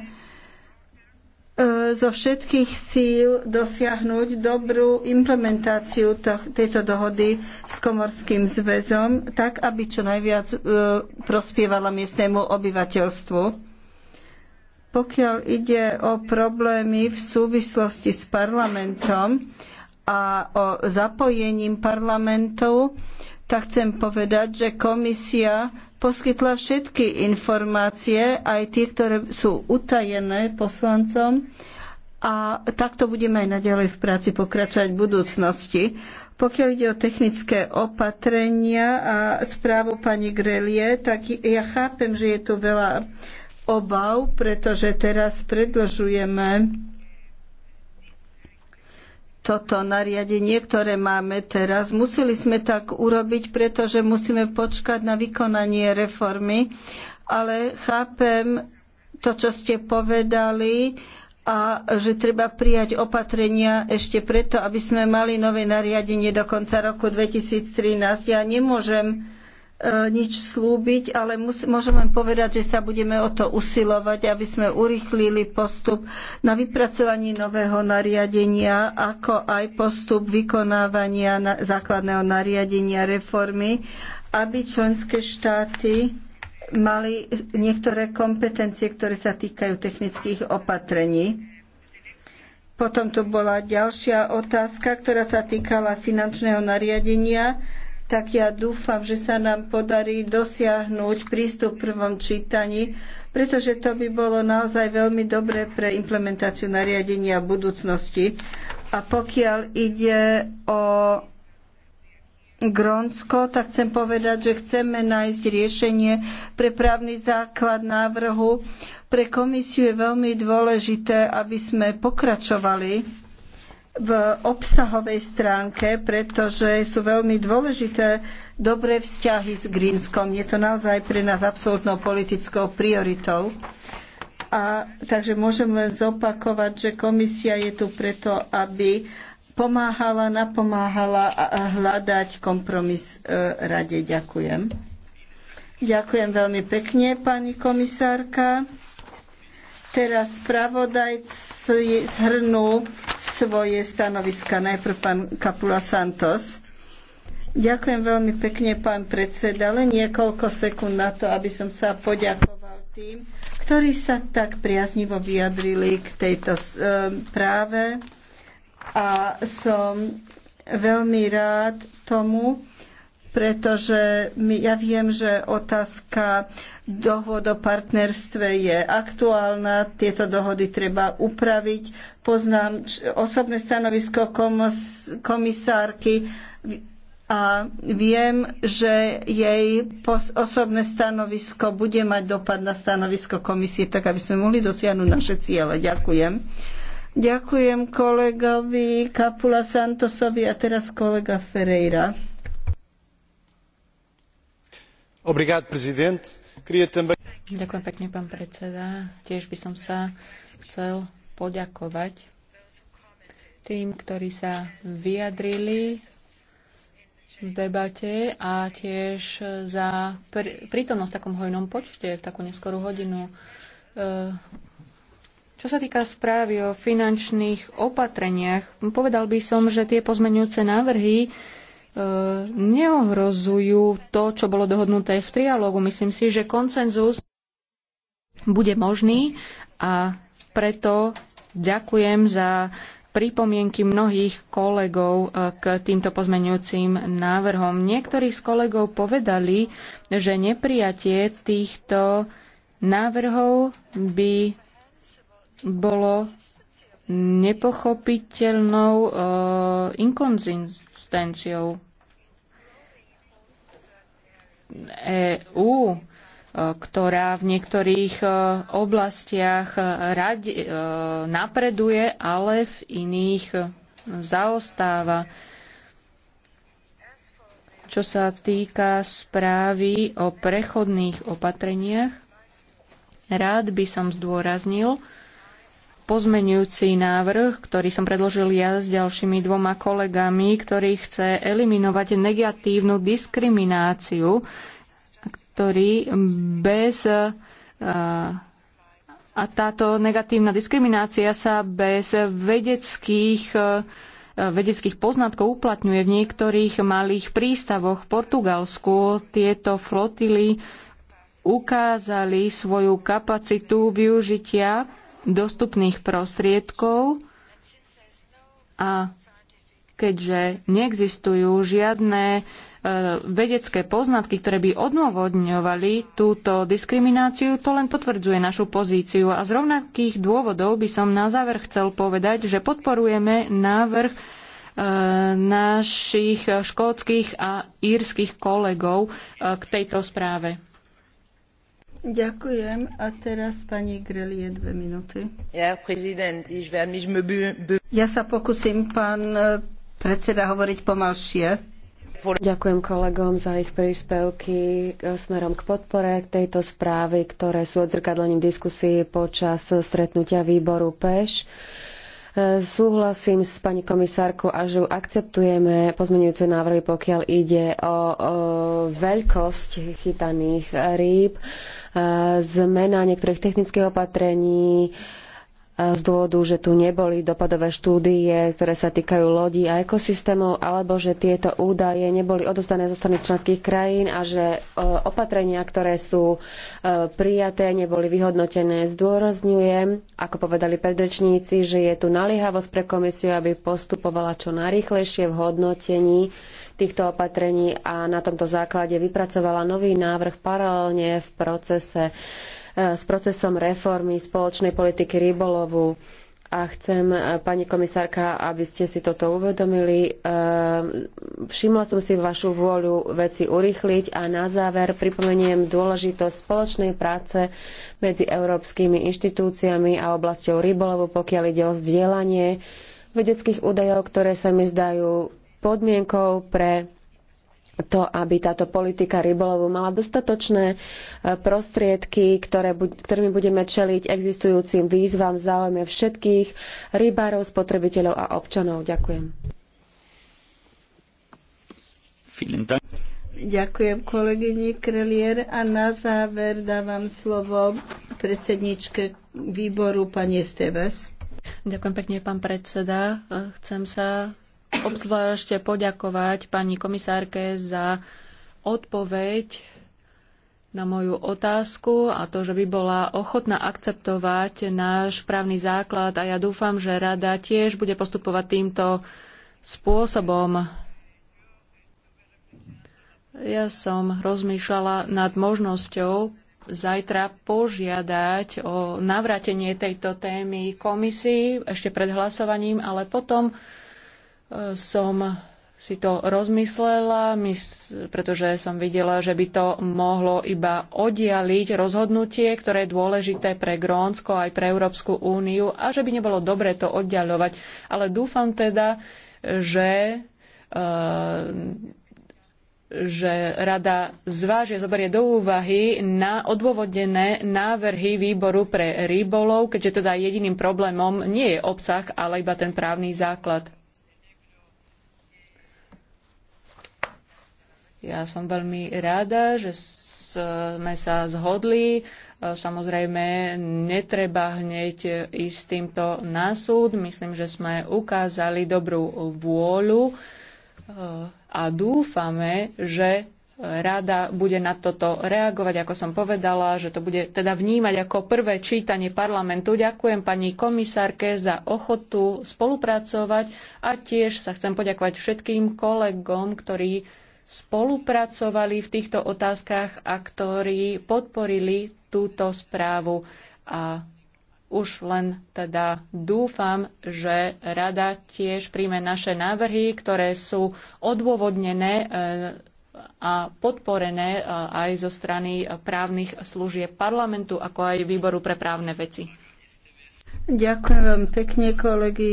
zo všetkých síl dosiahnuť dobrú implementáciu tejto dohody s Komorským zväzom, tak aby čo najviac e, prospievala miestnemu obyvateľstvu. Pokiaľ ide o problémy v súvislosti s parlamentom a o zapojením parlamentu, tak chcem povedať, že komisia poskytla všetky informácie, aj tie, ktoré sú utajené poslancom a takto budeme aj naďalej v práci pokračovať v budúcnosti. Pokiaľ ide o technické opatrenia a správu pani Grelie, tak ja chápem, že je tu veľa obav, pretože teraz predlžujeme toto nariadenie, ktoré máme teraz. Museli sme tak urobiť, pretože musíme počkať na vykonanie reformy, ale chápem to, čo ste povedali a že treba prijať opatrenia ešte preto, aby sme mali nové nariadenie do konca roku 2013. Ja nemôžem E, nič slúbiť, ale mus, môžem len povedať, že sa budeme o to usilovať, aby sme urýchlili postup na vypracovanie nového nariadenia, ako aj postup vykonávania na, základného nariadenia reformy, aby členské štáty mali niektoré kompetencie, ktoré sa týkajú technických opatrení. Potom tu bola ďalšia otázka, ktorá sa týkala finančného nariadenia tak ja dúfam, že sa nám podarí dosiahnuť prístup v prvom čítaní, pretože to by bolo naozaj veľmi dobré pre implementáciu nariadenia budúcnosti. A pokiaľ ide o Grónsko, tak chcem povedať, že chceme nájsť riešenie pre právny základ návrhu. Pre komisiu je veľmi dôležité, aby sme pokračovali v obsahovej stránke, pretože sú veľmi dôležité dobré vzťahy s Grínskom. Je to naozaj pre nás absolútnou politickou prioritou. A, takže môžem len zopakovať, že komisia je tu preto, aby pomáhala, napomáhala a hľadať kompromis e, rade. Ďakujem. Ďakujem veľmi pekne, pani komisárka. Teraz spravodajci zhrnú svoje stanoviska. Najprv pán Kapula Santos. Ďakujem veľmi pekne, pán predseda. Len niekoľko sekúnd na to, aby som sa poďakoval tým, ktorí sa tak priaznivo vyjadrili k tejto e, práve. A som veľmi rád tomu, pretože my, ja viem, že otázka dohod o partnerstve je aktuálna, tieto dohody treba upraviť. Poznám osobné stanovisko komisárky a viem, že jej osobné stanovisko bude mať dopad na stanovisko komisie, tak aby sme mohli dosiahnuť naše ciele. Ďakujem. Ďakujem kolegovi Kapula Santosovi a teraz kolega Ferreira. Ďakujem pekne, pán predseda. Tiež by som sa chcel poďakovať tým, ktorí sa vyjadrili v debate a tiež za prítomnosť v takom hojnom počte v takú neskorú hodinu. E, čo sa týka správy o finančných opatreniach, povedal by som, že tie pozmenujúce návrhy E, neohrozujú to, čo bolo dohodnuté v trialógu. Myslím si, že koncenzus bude možný a preto ďakujem za pripomienky mnohých kolegov e, k týmto pozmeňujúcim návrhom. Niektorí z kolegov povedali, že neprijatie týchto návrhov by bolo nepochopiteľnou uh, existenciou. EÚ, e, ktorá v niektorých e, oblastiach e, radi, napreduje, ale v iných zaostáva. Čo sa týka správy o prechodných opatreniach, rád by som zdôraznil, pozmenujúci návrh, ktorý som predložil ja s ďalšími dvoma kolegami, ktorý chce eliminovať negatívnu diskrimináciu, ktorý bez eh, a táto negatívna diskriminácia sa bez vedeckých, eh, vedeckých poznatkov uplatňuje v niektorých malých prístavoch v Portugalsku. Tieto flotily ukázali svoju kapacitu využitia dostupných prostriedkov a keďže neexistujú žiadne e, vedecké poznatky, ktoré by odôvodňovali túto diskrimináciu, to len potvrdzuje našu pozíciu. A z rovnakých dôvodov by som na záver chcel povedať, že podporujeme návrh e, našich škótskych a írskych kolegov e, k tejto správe. Ďakujem. A teraz pani Grelie dve minúty. Ja, sa pokúsim, pán e, predseda, hovoriť pomalšie. Ďakujem kolegom za ich príspevky e, smerom k podpore k tejto správy, ktoré sú odzrkadlením diskusí počas stretnutia výboru PEŠ. E, súhlasím s pani komisárkou a že akceptujeme pozmenujúce návrhy, pokiaľ ide o, o veľkosť chytaných rýb zmena niektorých technických opatrení e, z dôvodu, že tu neboli dopadové štúdie, ktoré sa týkajú lodí a ekosystémov, alebo že tieto údaje neboli odostané zo strany členských krajín a že e, opatrenia, ktoré sú e, prijaté, neboli vyhodnotené. Zdôrazňujem, ako povedali predrečníci, že je tu naliehavosť pre komisiu, aby postupovala čo najrýchlejšie v hodnotení týchto opatrení a na tomto základe vypracovala nový návrh paralelne v procese e, s procesom reformy spoločnej politiky rybolovu. A chcem, e, pani komisárka, aby ste si toto uvedomili. E, všimla som si vašu vôľu veci urýchliť a na záver pripomeniem dôležitosť spoločnej práce medzi európskymi inštitúciami a oblasťou rybolovu, pokiaľ ide o zdieľanie vedeckých údajov, ktoré sa mi zdajú podmienkou pre to, aby táto politika rybolovu mala dostatočné e, prostriedky, ktoré, ktorými budeme čeliť existujúcim výzvam v záujme všetkých rybárov, spotrebiteľov a občanov. Ďakujem. Ďakujem kolegyni Krelier a na záver dávam slovo predsedničke výboru pani Steves. Ďakujem pekne, pán predseda. Chcem sa obzvlášť poďakovať pani komisárke za odpoveď na moju otázku a to, že by bola ochotná akceptovať náš právny základ a ja dúfam, že rada tiež bude postupovať týmto spôsobom. Ja som rozmýšľala nad možnosťou zajtra požiadať o navrátenie tejto témy komisii ešte pred hlasovaním, ale potom som si to rozmyslela, pretože som videla, že by to mohlo iba oddialiť rozhodnutie, ktoré je dôležité pre Grónsko aj pre Európsku úniu a že by nebolo dobre to oddialovať. Ale dúfam teda, že, e, že rada zvážia, zoberie do úvahy na odôvodnené návrhy výboru pre rybolov, keďže teda jediným problémom nie je obsah, ale iba ten právny základ. Ja som veľmi rada, že sme sa zhodli. E, samozrejme, netreba hneď ísť s týmto na súd. Myslím, že sme ukázali dobrú vôľu e, a dúfame, že rada bude na toto reagovať, ako som povedala, že to bude teda vnímať ako prvé čítanie parlamentu. Ďakujem pani komisárke za ochotu spolupracovať a tiež sa chcem poďakovať všetkým kolegom, ktorí spolupracovali v týchto otázkach a ktorí podporili túto správu. A už len teda dúfam, že rada tiež príjme naše návrhy, ktoré sú odôvodnené e, a podporené e, aj zo strany právnych služieb parlamentu, ako aj výboru pre právne veci. Ďakujem veľmi pekne, kolegy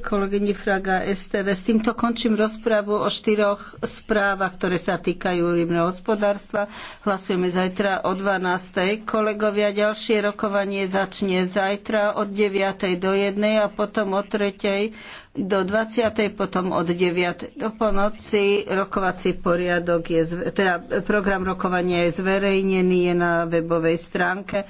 kolegyni Fraga STV. S týmto končím rozpravu o štyroch správach, ktoré sa týkajú rybného hospodárstva. Hlasujeme zajtra o 12.00. Kolegovia, ďalšie rokovanie začne zajtra od 9.00 do 1.00 a potom od 3.00 do 20.00, potom od 9.00 do ponoci. Rokovací poriadok je, teda program rokovania je zverejnený, je na webovej stránke.